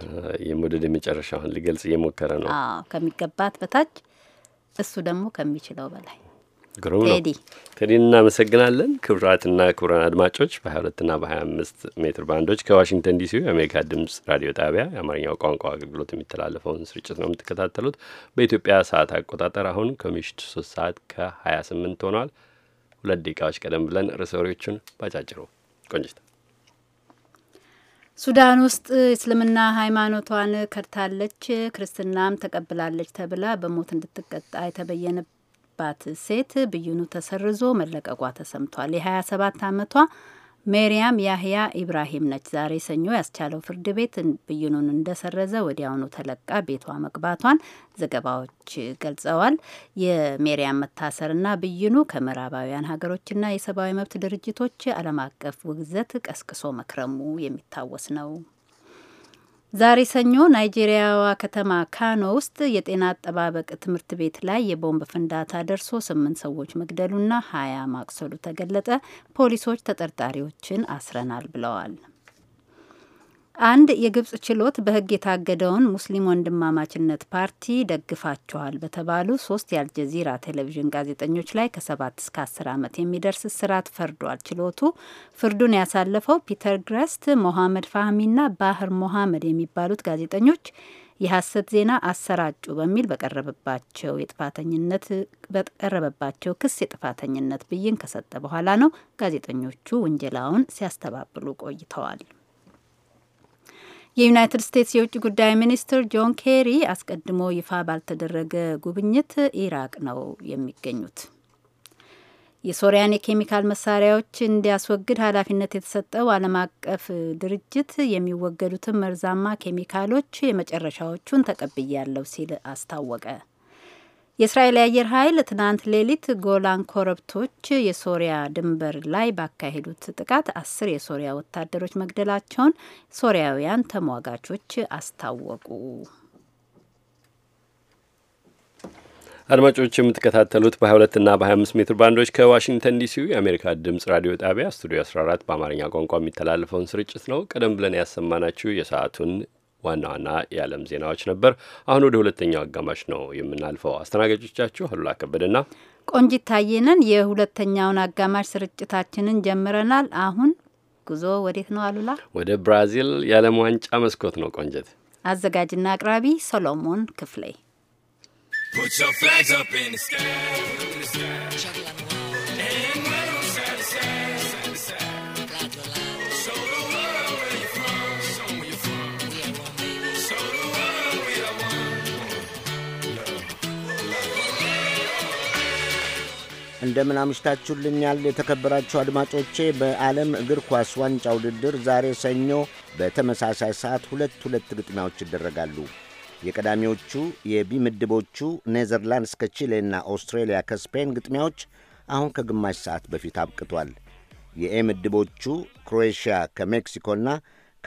የመውደድ የመጨረሻውን ሊገልጽ እየሞከረ ነው። ከሚገባት በታች እሱ ደግሞ ከሚችለው በላይ ግሩም ነው ቴዲ፣ እናመሰግናለን። ክቡራትና ክቡራን አድማጮች በ22ና በ25 ሜትር ባንዶች ከዋሽንግተን ዲሲ የአሜሪካ ድምፅ ራዲዮ ጣቢያ የአማርኛው ቋንቋ አገልግሎት የሚተላለፈውን ስርጭት ነው የምትከታተሉት። በኢትዮጵያ ሰዓት አቆጣጠር አሁን ከምሽቱ 3 ሰዓት ከ28 ሆኗል። ሁለት ደቂቃዎች ቀደም ብለን ርዕሰ ወሬዎቹን ባጫጭሩ ቆንጅት ሱዳን ውስጥ እስልምና ሃይማኖቷን ከድታለች፣ ክርስትናም ተቀብላለች ተብላ በሞት እንድትቀጣ የተበየነበት የደረሰባት ሴት ብይኑ ተሰርዞ መለቀቋ ተሰምቷል። የ27 ዓመቷ ሜሪያም ያህያ ኢብራሂም ነች። ዛሬ ሰኞ ያስቻለው ፍርድ ቤት ብይኑን እንደሰረዘ ወዲያውኑ ተለቃ ቤቷ መግባቷን ዘገባዎች ገልጸዋል። የሜሪያም መታሰርና ብይኑ ከምዕራባውያን ሀገሮችና የሰብአዊ መብት ድርጅቶች ዓለም አቀፍ ውግዘት ቀስቅሶ መክረሙ የሚታወስ ነው። ዛሬ ሰኞ ናይጄሪያዋ ከተማ ካኖ ውስጥ የጤና አጠባበቅ ትምህርት ቤት ላይ የቦምብ ፍንዳታ ደርሶ ስምንት ሰዎች መግደሉና ሀያ ማቁሰሉ ተገለጠ። ፖሊሶች ተጠርጣሪዎችን አስረናል ብለዋል። አንድ የግብጽ ችሎት በሕግ የታገደውን ሙስሊም ወንድማማችነት ፓርቲ ደግፋቸኋል በተባሉ ሶስት የአልጀዚራ ቴሌቪዥን ጋዜጠኞች ላይ ከሰባት እስከ አስር ዓመት የሚደርስ እስራት ፈርዷል። ችሎቱ ፍርዱን ያሳለፈው ፒተር ግረስት፣ ሞሐመድ ፋህሚና ባህር ሞሐመድ የሚባሉት ጋዜጠኞች የሐሰት ዜና አሰራጩ በሚል በቀረበባቸው የጥፋተኝነት በቀረበባቸው ክስ የጥፋተኝነት ብይን ከሰጠ በኋላ ነው። ጋዜጠኞቹ ውንጀላውን ሲያስተባብሉ ቆይተዋል። የዩናይትድ ስቴትስ የውጭ ጉዳይ ሚኒስትር ጆን ኬሪ አስቀድሞ ይፋ ባልተደረገ ጉብኝት ኢራቅ ነው የሚገኙት። የሶሪያን የኬሚካል መሳሪያዎች እንዲያስወግድ ኃላፊነት የተሰጠው ዓለም አቀፍ ድርጅት የሚወገዱትን መርዛማ ኬሚካሎች የመጨረሻዎቹን ተቀብያለሁ ሲል አስታወቀ። የእስራኤል አየር ኃይል ትናንት ሌሊት ጎላን ኮረብቶች የሶሪያ ድንበር ላይ ባካሄዱት ጥቃት አስር የሶሪያ ወታደሮች መግደላቸውን ሶሪያውያን ተሟጋቾች አስታወቁ። አድማጮች የምትከታተሉት በ22 እና በ25 ሜትር ባንዶች ከዋሽንግተን ዲሲው የአሜሪካ ድምጽ ራዲዮ ጣቢያ ስቱዲዮ 14 በአማርኛ ቋንቋ የሚተላለፈውን ስርጭት ነው። ቀደም ብለን ያሰማናችሁ የሰዓቱን ዋና ዋና የዓለም ዜናዎች ነበር። አሁን ወደ ሁለተኛው አጋማሽ ነው የምናልፈው። አስተናጋጆቻችሁ አሉላ ከበደና ቆንጂት ታየነን። የሁለተኛውን አጋማሽ ስርጭታችንን ጀምረናል። አሁን ጉዞ ወዴት ነው አሉላ? ወደ ብራዚል የዓለም ዋንጫ መስኮት ነው ቆንጀት። አዘጋጅና አቅራቢ ሰሎሞን ክፍሌ እንደምን አምሽታችሁልኛል የተከበራችሁ አድማጮቼ። በዓለም እግር ኳስ ዋንጫ ውድድር ዛሬ ሰኞ በተመሳሳይ ሰዓት ሁለት ሁለት ግጥሚያዎች ይደረጋሉ። የቀዳሚዎቹ የቢ ምድቦቹ ኔዘርላንድስ እና ኦስትሬሊያ ከስፔን ግጥሚያዎች አሁን ከግማሽ ሰዓት በፊት አብቅቷል። የኤ ምድቦቹ ክሮኤሽያ ከሜክሲኮና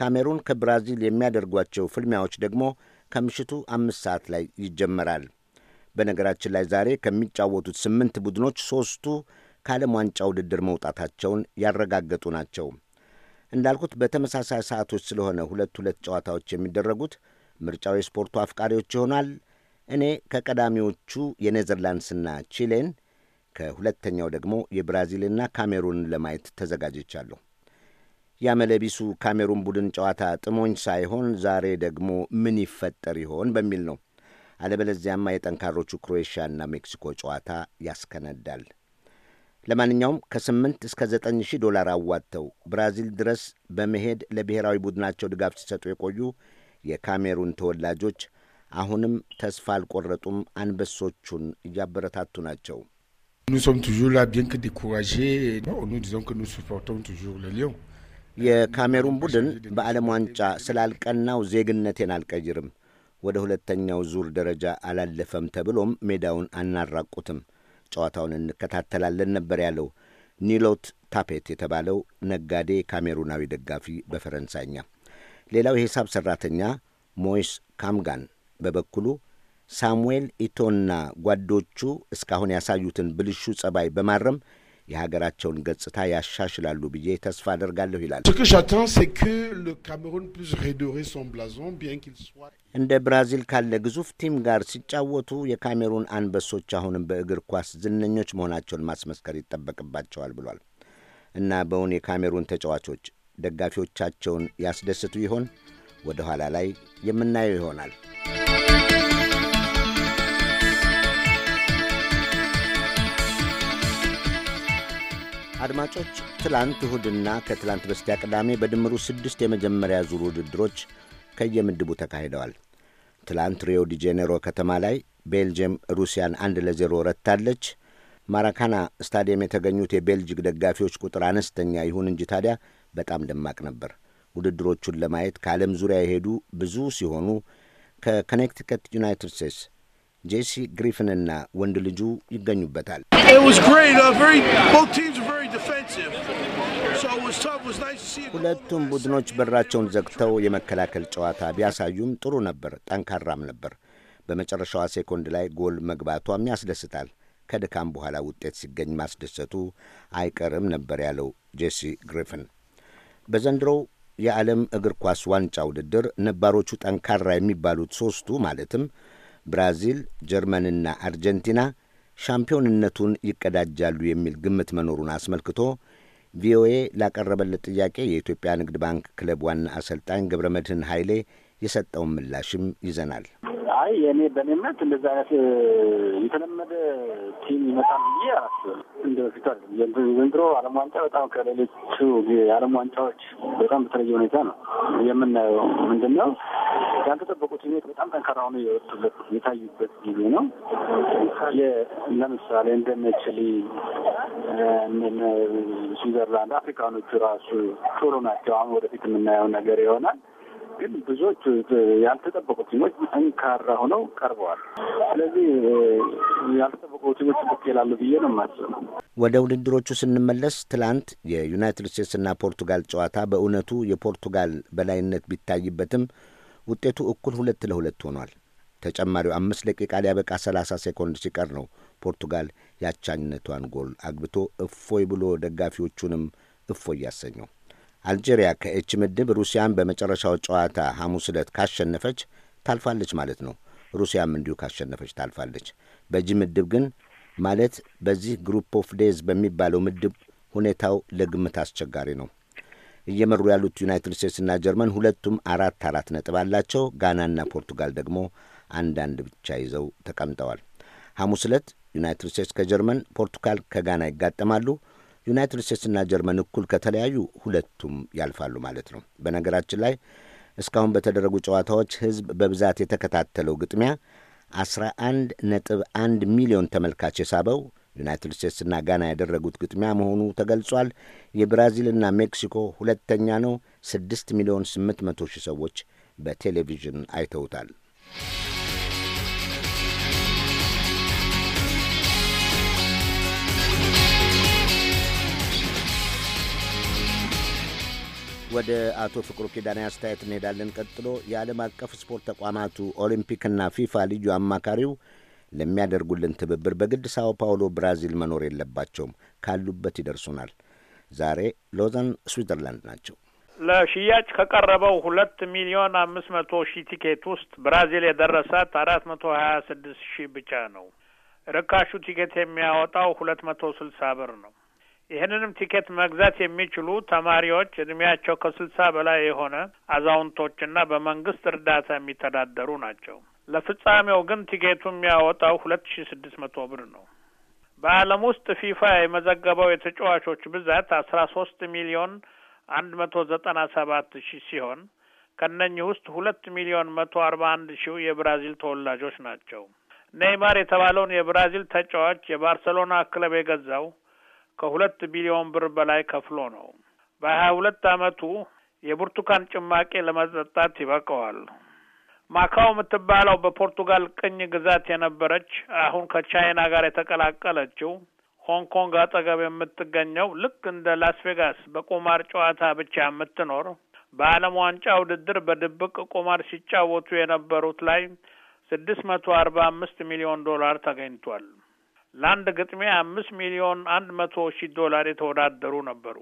ካሜሩን ከብራዚል የሚያደርጓቸው ፍልሚያዎች ደግሞ ከምሽቱ አምስት ሰዓት ላይ ይጀመራል። በነገራችን ላይ ዛሬ ከሚጫወቱት ስምንት ቡድኖች ሦስቱ ከዓለም ዋንጫ ውድድር መውጣታቸውን ያረጋገጡ ናቸው። እንዳልኩት በተመሳሳይ ሰዓቶች ስለሆነ ሁለት ሁለት ጨዋታዎች የሚደረጉት ምርጫው የስፖርቱ አፍቃሪዎች ይሆናል። እኔ ከቀዳሚዎቹ የኔዘርላንድስና ቺሌን ከሁለተኛው ደግሞ የብራዚልና ካሜሩን ለማየት ተዘጋጅቻለሁ። ያመለቢሱ ካሜሩን ቡድን ጨዋታ ጥሞኝ ሳይሆን ዛሬ ደግሞ ምን ይፈጠር ይሆን በሚል ነው። አለበለዚያማ የጠንካሮቹ ክሮኤሽያና ሜክሲኮ ጨዋታ ያስከነዳል። ለማንኛውም ከ8 እስከ 9 ሺህ ዶላር አዋጥተው ብራዚል ድረስ በመሄድ ለብሔራዊ ቡድናቸው ድጋፍ ሲሰጡ የቆዩ የካሜሩን ተወላጆች አሁንም ተስፋ አልቆረጡም፣ አንበሶቹን እያበረታቱ ናቸው። የካሜሩን ቡድን በዓለም ዋንጫ ስላልቀናው ዜግነቴን አልቀይርም ወደ ሁለተኛው ዙር ደረጃ አላለፈም ተብሎም ሜዳውን አናራቁትም፣ ጨዋታውን እንከታተላለን ነበር ያለው ኒሎት ታፔት የተባለው ነጋዴ ካሜሩናዊ ደጋፊ በፈረንሳይኛ። ሌላው የሂሳብ ሠራተኛ ሞይስ ካምጋን በበኩሉ ሳሙኤል ኢቶና ጓዶቹ እስካሁን ያሳዩትን ብልሹ ጸባይ በማረም የሀገራቸውን ገጽታ ያሻሽላሉ ብዬ ተስፋ አደርጋለሁ ይላል። እንደ ብራዚል ካለ ግዙፍ ቲም ጋር ሲጫወቱ የካሜሩን አንበሶች አሁንም በእግር ኳስ ዝነኞች መሆናቸውን ማስመስከር ይጠበቅባቸዋል ብሏል። እና በውን የካሜሩን ተጫዋቾች ደጋፊዎቻቸውን ያስደስቱ ይሆን? ወደ ኋላ ላይ የምናየው ይሆናል። አድማጮች ትላንት እሁድና ከትላንት በስቲያ ቅዳሜ በድምሩ ስድስት የመጀመሪያ ዙር ውድድሮች ከየምድቡ ተካሂደዋል። ትላንት ሪዮ ዲ ጄኔሮ ከተማ ላይ ቤልጅየም ሩሲያን አንድ ለዜሮ ረታለች። ማራካና ስታዲየም የተገኙት የቤልጅግ ደጋፊዎች ቁጥር አነስተኛ ይሁን እንጂ ታዲያ በጣም ደማቅ ነበር። ውድድሮቹን ለማየት ከዓለም ዙሪያ የሄዱ ብዙ ሲሆኑ ከኮኔክቲከት ዩናይትድ ስቴትስ ጄሲ ግሪፍንና ወንድ ልጁ ይገኙበታል። uh, ሁለቱም ቡድኖች በራቸውን ዘግተው የመከላከል ጨዋታ ቢያሳዩም ጥሩ ነበር፣ ጠንካራም ነበር። በመጨረሻዋ ሴኮንድ ላይ ጎል መግባቷም ያስደስታል። ከድካም በኋላ ውጤት ሲገኝ ማስደሰቱ አይቀርም ነበር ያለው ጄሲ ግሪፍን። በዘንድሮው የዓለም እግር ኳስ ዋንጫ ውድድር ነባሮቹ ጠንካራ የሚባሉት ሦስቱ ማለትም ብራዚል፣ ጀርመንና አርጀንቲና ሻምፒዮንነቱን ይቀዳጃሉ የሚል ግምት መኖሩን አስመልክቶ ቪኦኤ ላቀረበለት ጥያቄ የኢትዮጵያ ንግድ ባንክ ክለብ ዋና አሰልጣኝ ገብረ መድህን ኃይሌ የሰጠውን ምላሽም ይዘናል። አይ የእኔ በእኔ እምነት እንደዚህ አይነት የተለመደ ቲም ይመጣል ብዬ አላስብም። እንደ በፊቱ ዘንድሮ ዓለም ዋንጫ በጣም ከሌሎቹ የዓለም ዋንጫዎች በጣም በተለየ ሁኔታ ነው የምናየው። ምንድን ነው ያልተጠበቁ ቲሞች በጣም ጠንካራ ሆኖ የወጡበት የታዩበት ጊዜ ነው። ለምሳሌ እንደነ ቺሊ፣ ስዊዘርላንድ አፍሪካኖቹ ራሱ ጥሩ ናቸው። አሁን ወደፊት የምናየው ነገር ይሆናል። ግን ብዙዎች ያልተጠበቁ ቲሞች ጠንካራ ሆነው ቀርበዋል። ስለዚህ ያልተጠበቁ ቲሞች ብቅ ይላሉ ብዬ ነው የማስበው። ወደ ውድድሮቹ ስንመለስ ትላንት የዩናይትድ ስቴትስና ፖርቱጋል ጨዋታ በእውነቱ የፖርቱጋል በላይነት ቢታይበትም ውጤቱ እኩል ሁለት ለሁለት ሆኗል። ተጨማሪው አምስት ደቂቃ ሊያበቃ 30 ሴኮንድ ሲቀር ነው ፖርቱጋል ያቻኝነቷን ጎል አግብቶ እፎይ ብሎ ደጋፊዎቹንም እፎይ ያሰኘው። አልጄሪያ ከኤች ምድብ ሩሲያን በመጨረሻው ጨዋታ ሐሙስ ዕለት ካሸነፈች ታልፋለች ማለት ነው። ሩሲያም እንዲሁ ካሸነፈች ታልፋለች። በጂ ምድብ ግን ማለት በዚህ ግሩፕ ኦፍ ዴዝ በሚባለው ምድብ ሁኔታው ለግምት አስቸጋሪ ነው። እየመሩ ያሉት ዩናይትድ ስቴትስና ጀርመን ሁለቱም አራት አራት ነጥብ አላቸው። ጋናና ፖርቱጋል ደግሞ አንዳንድ ብቻ ይዘው ተቀምጠዋል። ሐሙስ ዕለት ዩናይትድ ስቴትስ ከጀርመን፣ ፖርቱጋል ከጋና ይጋጠማሉ። ዩናይትድ ስቴትስና ጀርመን እኩል ከተለያዩ ሁለቱም ያልፋሉ ማለት ነው። በነገራችን ላይ እስካሁን በተደረጉ ጨዋታዎች ሕዝብ በብዛት የተከታተለው ግጥሚያ 11 ነጥብ 1 ሚሊዮን ተመልካች የሳበው ዩናይትድ ስቴትስና ጋና ያደረጉት ግጥሚያ መሆኑ ተገልጿል። የብራዚልና ሜክሲኮ ሁለተኛ ነው። 6 ሚሊዮን 800 ሺህ ሰዎች በቴሌቪዥን አይተውታል። ወደ አቶ ፍቅሩ ኪዳኔ አስተያየት እንሄዳለን። ቀጥሎ የዓለም አቀፍ ስፖርት ተቋማቱ ኦሊምፒክና ፊፋ ልዩ አማካሪው ለሚያደርጉልን ትብብር በግድ ሳኦ ፓውሎ ብራዚል መኖር የለባቸውም፣ ካሉበት ይደርሱናል። ዛሬ ሎዛን ስዊዘርላንድ ናቸው። ለሽያጭ ከቀረበው ሁለት ሚሊዮን አምስት መቶ ሺህ ቲኬት ውስጥ ብራዚል የደረሳት አራት መቶ ሀያ ስድስት ሺህ ብቻ ነው። ርካሹ ቲኬት የሚያወጣው ሁለት መቶ ስልሳ ብር ነው። ይህንንም ቲኬት መግዛት የሚችሉ ተማሪዎች እድሜያቸው ከስልሳ በላይ የሆነ አዛውንቶችና በመንግስት እርዳታ የሚተዳደሩ ናቸው። ለፍጻሜው ግን ቲኬቱ የሚያወጣው ሁለት ሺ ስድስት መቶ ብር ነው። በዓለም ውስጥ ፊፋ የመዘገበው የተጫዋቾች ብዛት አስራ ሶስት ሚሊዮን አንድ መቶ ዘጠና ሰባት ሺህ ሲሆን ከነኚህ ውስጥ ሁለት ሚሊዮን መቶ አርባ አንድ ሺው የብራዚል ተወላጆች ናቸው። ኔይማር የተባለውን የብራዚል ተጫዋች የባርሰሎና ክለብ የገዛው ከሁለት ቢሊዮን ብር በላይ ከፍሎ ነው። በሀያ ሁለት አመቱ የብርቱካን ጭማቂ ለመጠጣት ይበቀዋል። ማካው የምትባለው በፖርቱጋል ቅኝ ግዛት የነበረች አሁን ከቻይና ጋር የተቀላቀለችው ሆንግ ኮንግ አጠገብ የምትገኘው ልክ እንደ ላስ ቬጋስ በቁማር ጨዋታ ብቻ የምትኖር በዓለም ዋንጫ ውድድር በድብቅ ቁማር ሲጫወቱ የነበሩት ላይ ስድስት መቶ አርባ አምስት ሚሊዮን ዶላር ተገኝቷል። ለአንድ ግጥሚያ አምስት ሚሊዮን አንድ መቶ ሺህ ዶላር የተወዳደሩ ነበሩ።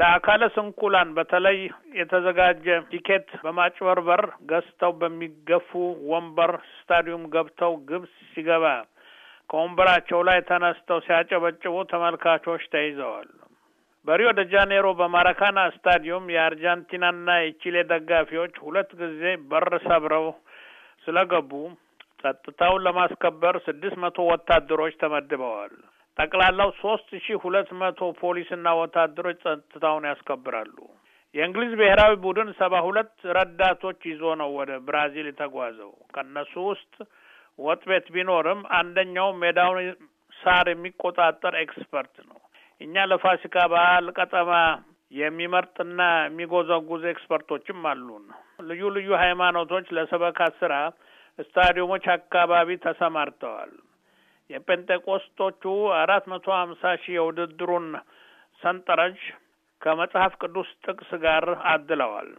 ለአካለ ስንኩላን በተለይ የተዘጋጀ ቲኬት በማጭበርበር ገዝተው በሚገፉ ወንበር ስታዲየም ገብተው ግብጽ ሲገባ ከወንበራቸው ላይ ተነስተው ሲያጨበጭቡ ተመልካቾች ተይዘዋል። በሪዮ ደ ጃኔሮ በማራካና ስታዲየም የአርጀንቲናና የቺሌ ደጋፊዎች ሁለት ጊዜ በር ሰብረው ስለገቡ ጸጥታውን ለማስከበር ስድስት መቶ ወታደሮች ተመድበዋል። ጠቅላላው ሶስት ሺ ሁለት መቶ ፖሊስና ወታደሮች ጸጥታውን ያስከብራሉ። የእንግሊዝ ብሔራዊ ቡድን ሰባ ሁለት ረዳቶች ይዞ ነው ወደ ብራዚል የተጓዘው። ከእነሱ ውስጥ ወጥ ቤት ቢኖርም አንደኛው ሜዳውን ሳር የሚቆጣጠር ኤክስፐርት ነው። እኛ ለፋሲካ በዓል ቀጠማ የሚመርጥና የሚጎዘጉዝ ኤክስፐርቶችም አሉን። ልዩ ልዩ ሃይማኖቶች ለሰበካ ስራ ስታዲየሞች አካባቢ ተሰማርተዋል። የጴንጤቆስቶቹ አራት መቶ ሀምሳ ሺህ የውድድሩን ሰንጠረዥ ከመጽሐፍ ቅዱስ ጥቅስ ጋር አድለዋል።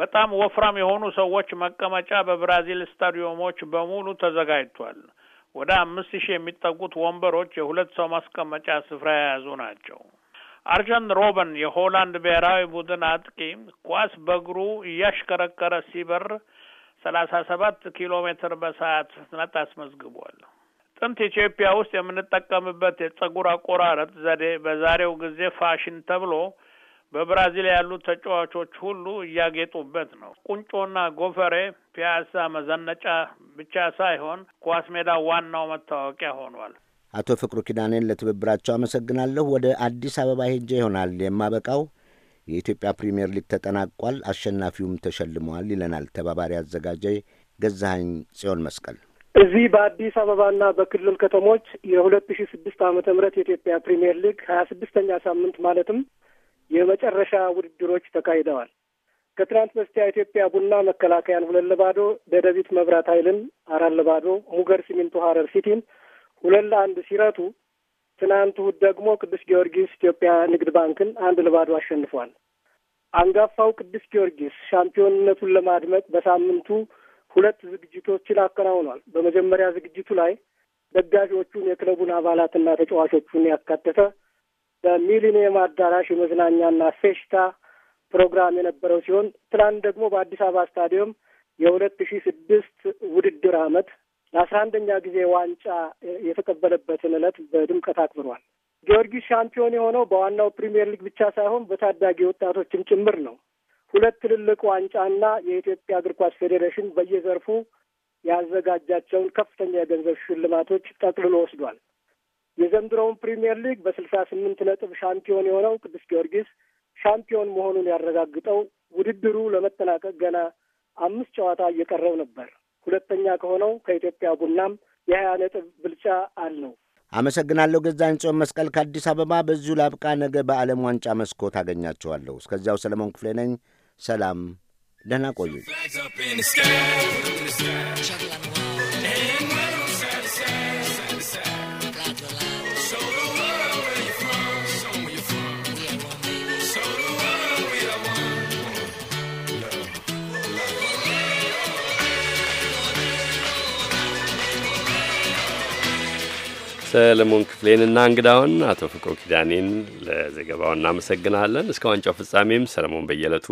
በጣም ወፍራም የሆኑ ሰዎች መቀመጫ በብራዚል ስታዲዮሞች በሙሉ ተዘጋጅቷል። ወደ አምስት ሺህ የሚጠጉት ወንበሮች የሁለት ሰው ማስቀመጫ ስፍራ የያዙ ናቸው። አርጀን ሮበን የሆላንድ ብሔራዊ ቡድን አጥቂ ኳስ በእግሩ እያሽከረከረ ሲበር ሰላሳ ሰባት ኪሎ ሜትር በሰዓት ፍጥነት አስመዝግቧል። ጥንት ኢትዮጵያ ውስጥ የምንጠቀምበት የጸጉር አቆራረጥ ዘዴ በዛሬው ጊዜ ፋሽን ተብሎ በብራዚል ያሉ ተጫዋቾች ሁሉ እያጌጡበት ነው። ቁንጮና ጎፈሬ ፒያሳ መዘነጫ ብቻ ሳይሆን ኳስ ሜዳ ዋናው መታወቂያ ሆኗል። አቶ ፍቅሩ ኪዳኔን ለትብብራቸው አመሰግናለሁ። ወደ አዲስ አበባ ሄጄ ይሆናል የማበቃው። የኢትዮጵያ ፕሪምየር ሊግ ተጠናቋል፣ አሸናፊውም ተሸልመዋል ይለናል ተባባሪ አዘጋጀ ገዛሀኝ ጽዮን መስቀል። እዚህ በአዲስ አበባና በክልል ከተሞች የሁለት ሺ ስድስት ዓመተ ምህረት የኢትዮጵያ ፕሪምየር ሊግ ሀያ ስድስተኛ ሳምንት ማለትም የመጨረሻ ውድድሮች ተካሂደዋል። ከትናንት በስቲያ ኢትዮጵያ ቡና መከላከያን ሁለት ለባዶ፣ ደደቢት መብራት ኃይልን አራት ለባዶ፣ ሙገር ሲሚንቶ ሀረር ሲቲን ሁለት ለአንድ ሲረቱ ትናንት እሑድ ደግሞ ቅዱስ ጊዮርጊስ ኢትዮጵያ ንግድ ባንክን አንድ ልባዶ አሸንፏል። አንጋፋው ቅዱስ ጊዮርጊስ ሻምፒዮንነቱን ለማድመቅ በሳምንቱ ሁለት ዝግጅቶችን አከናውኗል። በመጀመሪያ ዝግጅቱ ላይ ደጋፊዎቹን፣ የክለቡን አባላትና ተጫዋቾቹን ያካተተ በሚሊኒየም አዳራሽ የመዝናኛና ፌሽታ ፕሮግራም የነበረው ሲሆን ትናንት ደግሞ በአዲስ አበባ ስታዲየም የሁለት ሺ ስድስት ውድድር ዓመት ለአስራ አንደኛ ጊዜ ዋንጫ የተቀበለበትን ዕለት በድምቀት አክብሯል። ጊዮርጊስ ሻምፒዮን የሆነው በዋናው ፕሪምየር ሊግ ብቻ ሳይሆን በታዳጊ ወጣቶችም ጭምር ነው። ሁለት ትልልቅ ዋንጫና የኢትዮጵያ እግር ኳስ ፌዴሬሽን በየዘርፉ ያዘጋጃቸውን ከፍተኛ የገንዘብ ሽልማቶች ጠቅልሎ ወስዷል። የዘንድሮውን ፕሪምየር ሊግ በስልሳ ስምንት ነጥብ ሻምፒዮን የሆነው ቅዱስ ጊዮርጊስ ሻምፒዮን መሆኑን ያረጋግጠው ውድድሩ ለመጠናቀቅ ገና አምስት ጨዋታ እየቀረው ነበር። ሁለተኛ ከሆነው ከኢትዮጵያ ቡናም የሀያ ነጥብ ብልጫ አለው። አመሰግናለሁ። ገዛኝ ጽዮን መስቀል ከአዲስ አበባ። በዚሁ ላብቃ። ነገ በዓለም ዋንጫ መስኮት አገኛቸዋለሁ። እስከዚያው ሰለሞን ክፍሌ ነኝ። ሰላም፣ ደህና ቆዩ። ሰለሞን ክፍሌንና እንግዳውን አቶ ፍቅሩ ኪዳኔን ለዘገባው እናመሰግናለን። እስከ ዋንጫው ፍጻሜም ሰለሞን በየዕለቱ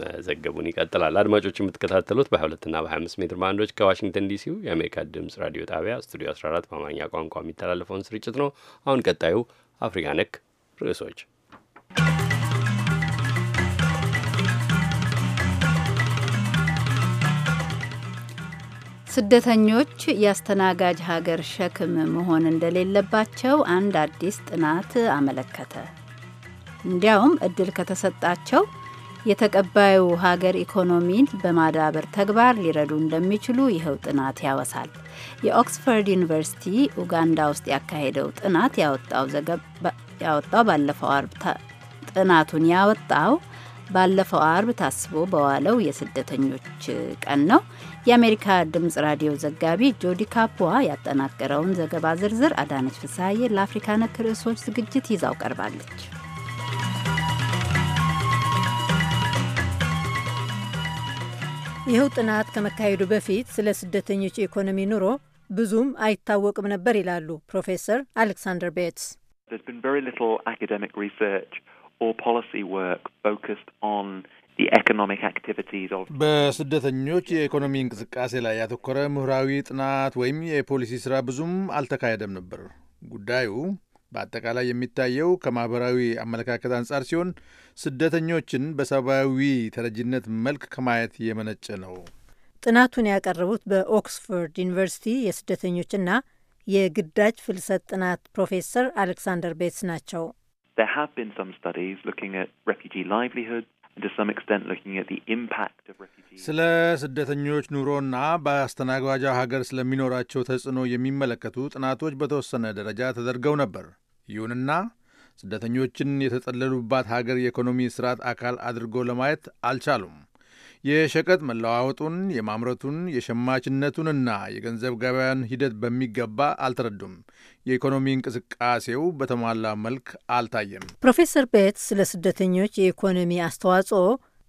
መዘገቡን ይቀጥላል። አድማጮች የምትከታተሉት በ22ና በ25 ሜትር ባንዶች ከዋሽንግተን ዲሲው የአሜሪካ ድምፅ ራዲዮ ጣቢያ ስቱዲዮ 14 በአማርኛ ቋንቋ የሚተላለፈውን ስርጭት ነው። አሁን ቀጣዩ አፍሪካ ነክ ርዕሶች ስደተኞች የአስተናጋጅ ሀገር ሸክም መሆን እንደሌለባቸው አንድ አዲስ ጥናት አመለከተ። እንዲያውም እድል ከተሰጣቸው የተቀባዩ ሀገር ኢኮኖሚን በማዳበር ተግባር ሊረዱ እንደሚችሉ ይኸው ጥናት ያወሳል። የኦክስፎርድ ዩኒቨርሲቲ ኡጋንዳ ውስጥ ያካሄደው ጥናት ያወጣው ባለፈው አርብ ጥናቱን ያወጣው ባለፈው አርብ ታስቦ በዋለው የስደተኞች ቀን ነው። የአሜሪካ ድምጽ ራዲዮ ዘጋቢ ጆዲ ካፑዋ ያጠናቀረውን ዘገባ ዝርዝር አዳነች ፍስሀዬ ለአፍሪካ ነክ ርዕሶች ዝግጅት ይዛው ቀርባለች። ይኸው ጥናት ከመካሄዱ በፊት ስለ ስደተኞች የኢኮኖሚ ኑሮ ብዙም አይታወቅም ነበር ይላሉ ፕሮፌሰር አሌክሳንደር ቤትስ or policy work focused on the economic activities of በስደተኞች የኢኮኖሚ እንቅስቃሴ ላይ ያተኮረ ምሁራዊ ጥናት ወይም የፖሊሲ ስራ ብዙም አልተካሄደም ነበር። ጉዳዩ በአጠቃላይ የሚታየው ከማህበራዊ አመለካከት አንጻር ሲሆን ስደተኞችን በሰብአዊ ተረጅነት መልክ ከማየት የመነጨ ነው። ጥናቱን ያቀረቡት በኦክስፎርድ ዩኒቨርሲቲ የስደተኞችና የግዳጅ ፍልሰት ጥናት ፕሮፌሰር አሌክሳንደር ቤትስ ናቸው። There have been some studies looking at refugee livelihoods and to some extent looking at the impact of refugees. ስለ ስደተኞች ኑሮና በአስተናጓጃ ሀገር ስለሚኖራቸው ተጽዕኖ የሚመለከቱ ጥናቶች በተወሰነ ደረጃ ተደርገው ነበር። ይሁንና ስደተኞችን የተጠለሉባት ሀገር የኢኮኖሚ ስርዓት አካል አድርጎ ለማየት አልቻሉም። የሸቀጥ መለዋወጡን የማምረቱን የሸማችነቱንና የገንዘብ ገበያን ሂደት በሚገባ አልተረዱም። የኢኮኖሚ እንቅስቃሴው በተሟላ መልክ አልታየም። ፕሮፌሰር ቤት ስለ ስደተኞች የኢኮኖሚ አስተዋጽኦ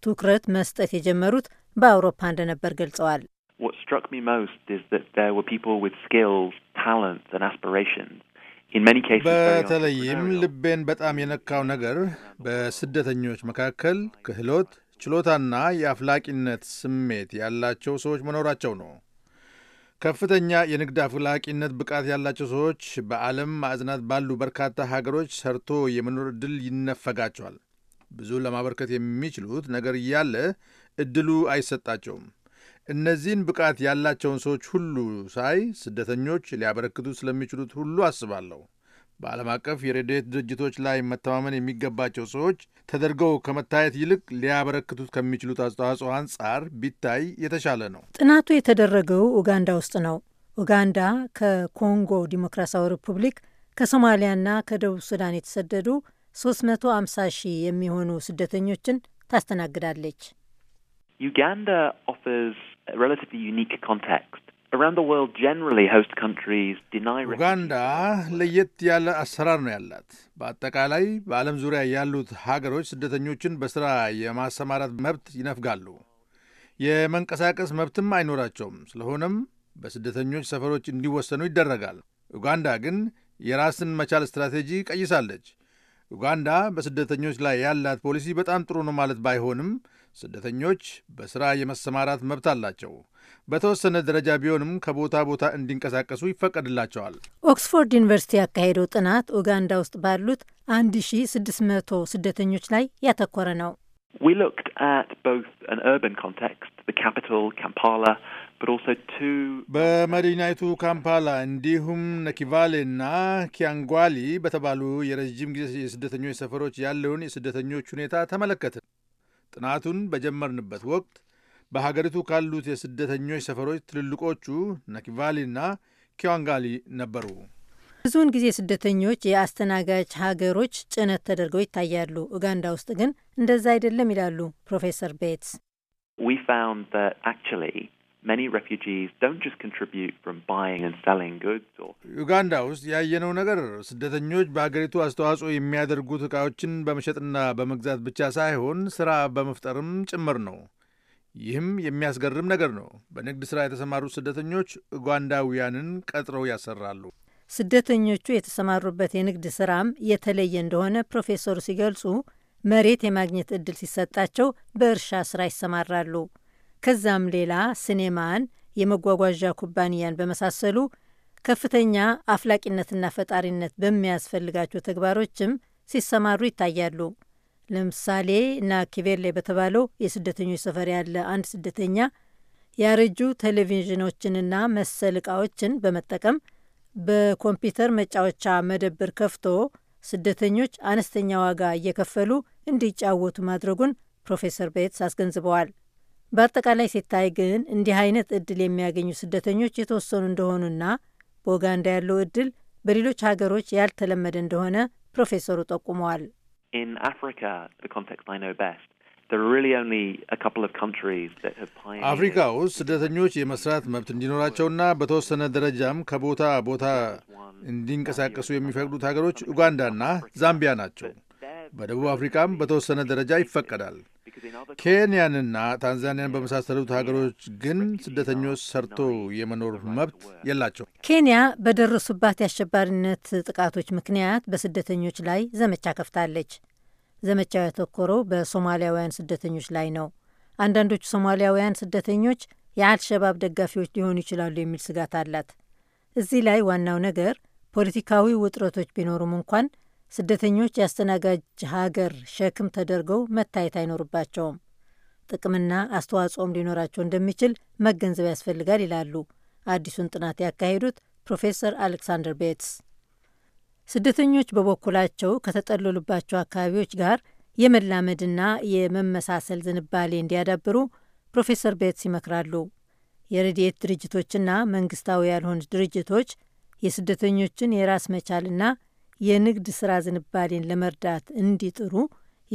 ትኩረት መስጠት የጀመሩት በአውሮፓ እንደነበር ገልጸዋል። በተለይም ልቤን በጣም የነካው ነገር በስደተኞች መካከል ክህሎት ችሎታና የአፍላቂነት ስሜት ያላቸው ሰዎች መኖራቸው ነው። ከፍተኛ የንግድ አፍላቂነት ብቃት ያላቸው ሰዎች በዓለም ማዕዝናት ባሉ በርካታ ሀገሮች ሰርቶ የመኖር ዕድል ይነፈጋቸዋል። ብዙ ለማበርከት የሚችሉት ነገር እያለ እድሉ አይሰጣቸውም። እነዚህን ብቃት ያላቸውን ሰዎች ሁሉ ሳይ ስደተኞች ሊያበረክቱ ስለሚችሉት ሁሉ አስባለሁ። በዓለም አቀፍ የረድኤት ድርጅቶች ላይ መተማመን የሚገባቸው ሰዎች ተደርገው ከመታየት ይልቅ ሊያበረክቱት ከሚችሉት አስተዋጽኦ አንጻር ቢታይ የተሻለ ነው። ጥናቱ የተደረገው ኡጋንዳ ውስጥ ነው። ኡጋንዳ ከኮንጎ ዲሞክራሲያዊ ሪፑብሊክ ከሶማሊያና ከደቡብ ሱዳን የተሰደዱ 350 ሺህ የሚሆኑ ስደተኞችን ታስተናግዳለች። ዩጋንዳ ኦፈርስ ሬላቲቭሊ ዩኒክ ኮንቴክስት ኡጋንዳ ለየት ያለ አሰራር ነው ያላት። በአጠቃላይ በዓለም ዙሪያ ያሉት ሀገሮች ስደተኞችን በሥራ የማሰማራት መብት ይነፍጋሉ። የመንቀሳቀስ መብትም አይኖራቸውም። ስለሆነም በስደተኞች ሰፈሮች እንዲወሰኑ ይደረጋል። ኡጋንዳ ግን የራስን መቻል ስትራቴጂ ቀይሳለች። ኡጋንዳ በስደተኞች ላይ ያላት ፖሊሲ በጣም ጥሩ ነው ማለት ባይሆንም ስደተኞች በሥራ የመሰማራት መብት አላቸው። በተወሰነ ደረጃ ቢሆንም ከቦታ ቦታ እንዲንቀሳቀሱ ይፈቀድላቸዋል። ኦክስፎርድ ዩኒቨርሲቲ ያካሄደው ጥናት ኡጋንዳ ውስጥ ባሉት 1600 ስደተኞች ላይ ያተኮረ ነው። በመዲናይቱ ካምፓላ እንዲሁም ነኪቫሌና ኪያንጓሊ በተባሉ የረዥም ጊዜ የስደተኞች ሰፈሮች ያለውን የስደተኞች ሁኔታ ተመለከትን። ጥናቱን በጀመርንበት ወቅት በሀገሪቱ ካሉት የስደተኞች ሰፈሮች ትልልቆቹ ነኪቫሊና ኪዋንጋሊ ነበሩ። ብዙውን ጊዜ ስደተኞች የአስተናጋጅ ሀገሮች ጭነት ተደርገው ይታያሉ። ኡጋንዳ ውስጥ ግን እንደዛ አይደለም ይላሉ ፕሮፌሰር ቤትስ። many refugees don't just contribute from buying and selling goods or ዩጋንዳ ውስጥ ያየነው ነገር ስደተኞች በሀገሪቱ አስተዋጽኦ የሚያደርጉት እቃዎችን በመሸጥና በመግዛት ብቻ ሳይሆን ስራ በመፍጠርም ጭምር ነው። ይህም የሚያስገርም ነገር ነው። በንግድ ስራ የተሰማሩት ስደተኞች ኡጋንዳውያንን ቀጥረው ያሰራሉ። ስደተኞቹ የተሰማሩበት የንግድ ስራም የተለየ እንደሆነ ፕሮፌሰሩ ሲገልጹ፣ መሬት የማግኘት እድል ሲሰጣቸው በእርሻ ስራ ይሰማራሉ። ከዛም ሌላ ሲኔማን፣ የመጓጓዣ ኩባንያን በመሳሰሉ ከፍተኛ አፍላቂነትና ፈጣሪነት በሚያስፈልጋቸው ተግባሮችም ሲሰማሩ ይታያሉ። ለምሳሌ ናኪቬሌ በተባለው የስደተኞች ሰፈር ያለ አንድ ስደተኛ ያረጁ ቴሌቪዥኖችንና መሰል እቃዎችን በመጠቀም በኮምፒውተር መጫወቻ መደብር ከፍቶ ስደተኞች አነስተኛ ዋጋ እየከፈሉ እንዲጫወቱ ማድረጉን ፕሮፌሰር ቤትስ አስገንዝበዋል። በአጠቃላይ ሲታይ ግን እንዲህ አይነት እድል የሚያገኙ ስደተኞች የተወሰኑ እንደሆኑና በኡጋንዳ ያለው እድል በሌሎች ሀገሮች ያልተለመደ እንደሆነ ፕሮፌሰሩ ጠቁመዋል። አፍሪካ ውስጥ ስደተኞች የመስራት መብት እንዲኖራቸውና በተወሰነ ደረጃም ከቦታ ቦታ እንዲንቀሳቀሱ የሚፈቅዱት ሀገሮች ኡጋንዳና ዛምቢያ ናቸው። በደቡብ አፍሪካም በተወሰነ ደረጃ ይፈቀዳል። ኬንያንና ታንዛኒያን በመሳሰሉት ሀገሮች ግን ስደተኞች ሰርቶ የመኖር መብት የላቸው። ኬንያ በደረሱባት የአሸባሪነት ጥቃቶች ምክንያት በስደተኞች ላይ ዘመቻ ከፍታለች። ዘመቻው ያተኮረው በሶማሊያውያን ስደተኞች ላይ ነው። አንዳንዶቹ ሶማሊያውያን ስደተኞች የአልሸባብ ደጋፊዎች ሊሆኑ ይችላሉ የሚል ስጋት አላት። እዚህ ላይ ዋናው ነገር ፖለቲካዊ ውጥረቶች ቢኖሩም እንኳን ስደተኞች የአስተናጋጅ ሀገር ሸክም ተደርገው መታየት አይኖርባቸውም። ጥቅምና አስተዋጽኦም ሊኖራቸው እንደሚችል መገንዘብ ያስፈልጋል ይላሉ አዲሱን ጥናት ያካሄዱት ፕሮፌሰር አሌክሳንደር ቤትስ። ስደተኞች በበኩላቸው ከተጠለሉባቸው አካባቢዎች ጋር የመላመድና የመመሳሰል ዝንባሌ እንዲያዳብሩ ፕሮፌሰር ቤትስ ይመክራሉ። የረድኤት ድርጅቶችና መንግስታዊ ያልሆኑ ድርጅቶች የስደተኞችን የራስ መቻልና የንግድ ስራ ዝንባሌን ለመርዳት እንዲጥሩ፣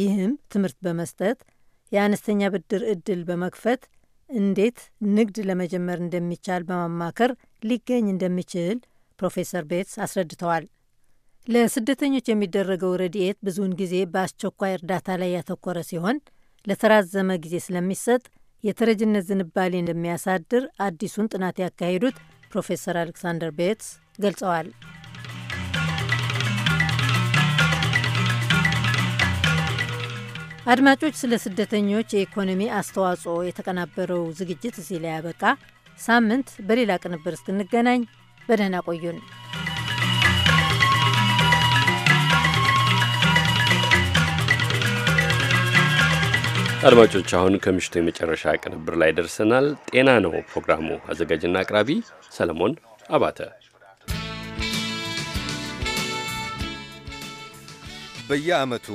ይህም ትምህርት በመስጠት የአነስተኛ ብድር እድል በመክፈት እንዴት ንግድ ለመጀመር እንደሚቻል በማማከር ሊገኝ እንደሚችል ፕሮፌሰር ቤትስ አስረድተዋል። ለስደተኞች የሚደረገው ረድኤት ብዙውን ጊዜ በአስቸኳይ እርዳታ ላይ ያተኮረ ሲሆን ለተራዘመ ጊዜ ስለሚሰጥ የተረጅነት ዝንባሌ እንደሚያሳድር አዲሱን ጥናት ያካሄዱት ፕሮፌሰር አሌክሳንደር ቤትስ ገልጸዋል። አድማጮች፣ ስለ ስደተኞች የኢኮኖሚ አስተዋጽኦ የተቀናበረው ዝግጅት እዚህ ላይ ያበቃ። ሳምንት በሌላ ቅንብር እስክንገናኝ በደህና ቆዩን። አድማጮች፣ አሁን ከምሽቱ የመጨረሻ ቅንብር ላይ ደርሰናል። ጤና ነው ፕሮግራሙ። አዘጋጅና አቅራቢ ሰለሞን አባተ። በየዓመቱ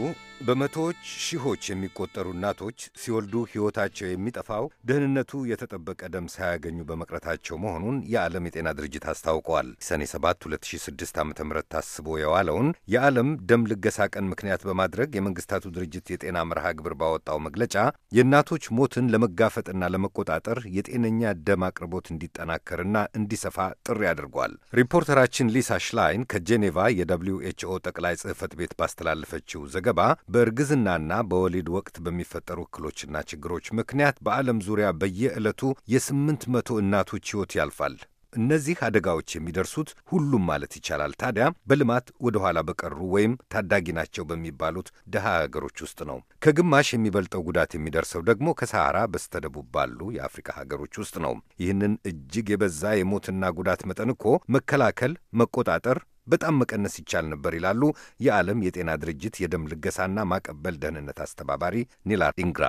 በመቶዎች ሺዎች የሚቆጠሩ እናቶች ሲወልዱ ሕይወታቸው የሚጠፋው ደህንነቱ የተጠበቀ ደም ሳያገኙ በመቅረታቸው መሆኑን የዓለም የጤና ድርጅት አስታውቀዋል። ሰኔ 7 2006 ዓ ም ታስቦ የዋለውን የዓለም ደም ልገሳ ቀን ምክንያት በማድረግ የመንግስታቱ ድርጅት የጤና መርሃ ግብር ባወጣው መግለጫ የእናቶች ሞትን ለመጋፈጥና ለመቆጣጠር የጤነኛ ደም አቅርቦት እንዲጠናከርና እንዲሰፋ ጥሪ አድርጓል። ሪፖርተራችን ሊሳ ሽላይን ከጄኔቫ የደብሊው ኤችኦ ጠቅላይ ጽሕፈት ቤት ባስተላለፈችው ዘገባ በእርግዝናና በወሊድ ወቅት በሚፈጠሩ እክሎችና ችግሮች ምክንያት በዓለም ዙሪያ በየዕለቱ የስምንት መቶ እናቶች ሕይወት ያልፋል። እነዚህ አደጋዎች የሚደርሱት ሁሉም ማለት ይቻላል ታዲያ በልማት ወደ ኋላ በቀሩ ወይም ታዳጊ ናቸው በሚባሉት ድሃ ሀገሮች ውስጥ ነው። ከግማሽ የሚበልጠው ጉዳት የሚደርሰው ደግሞ ከሰሃራ በስተደቡብ ባሉ የአፍሪካ ሀገሮች ውስጥ ነው። ይህንን እጅግ የበዛ የሞትና ጉዳት መጠን እኮ መከላከል፣ መቆጣጠር በጣም መቀነስ ይቻል ነበር ይላሉ የዓለም የጤና ድርጅት የደም ልገሳና ማቀበል ደህንነት አስተባባሪ ኒላ ዲንግራ።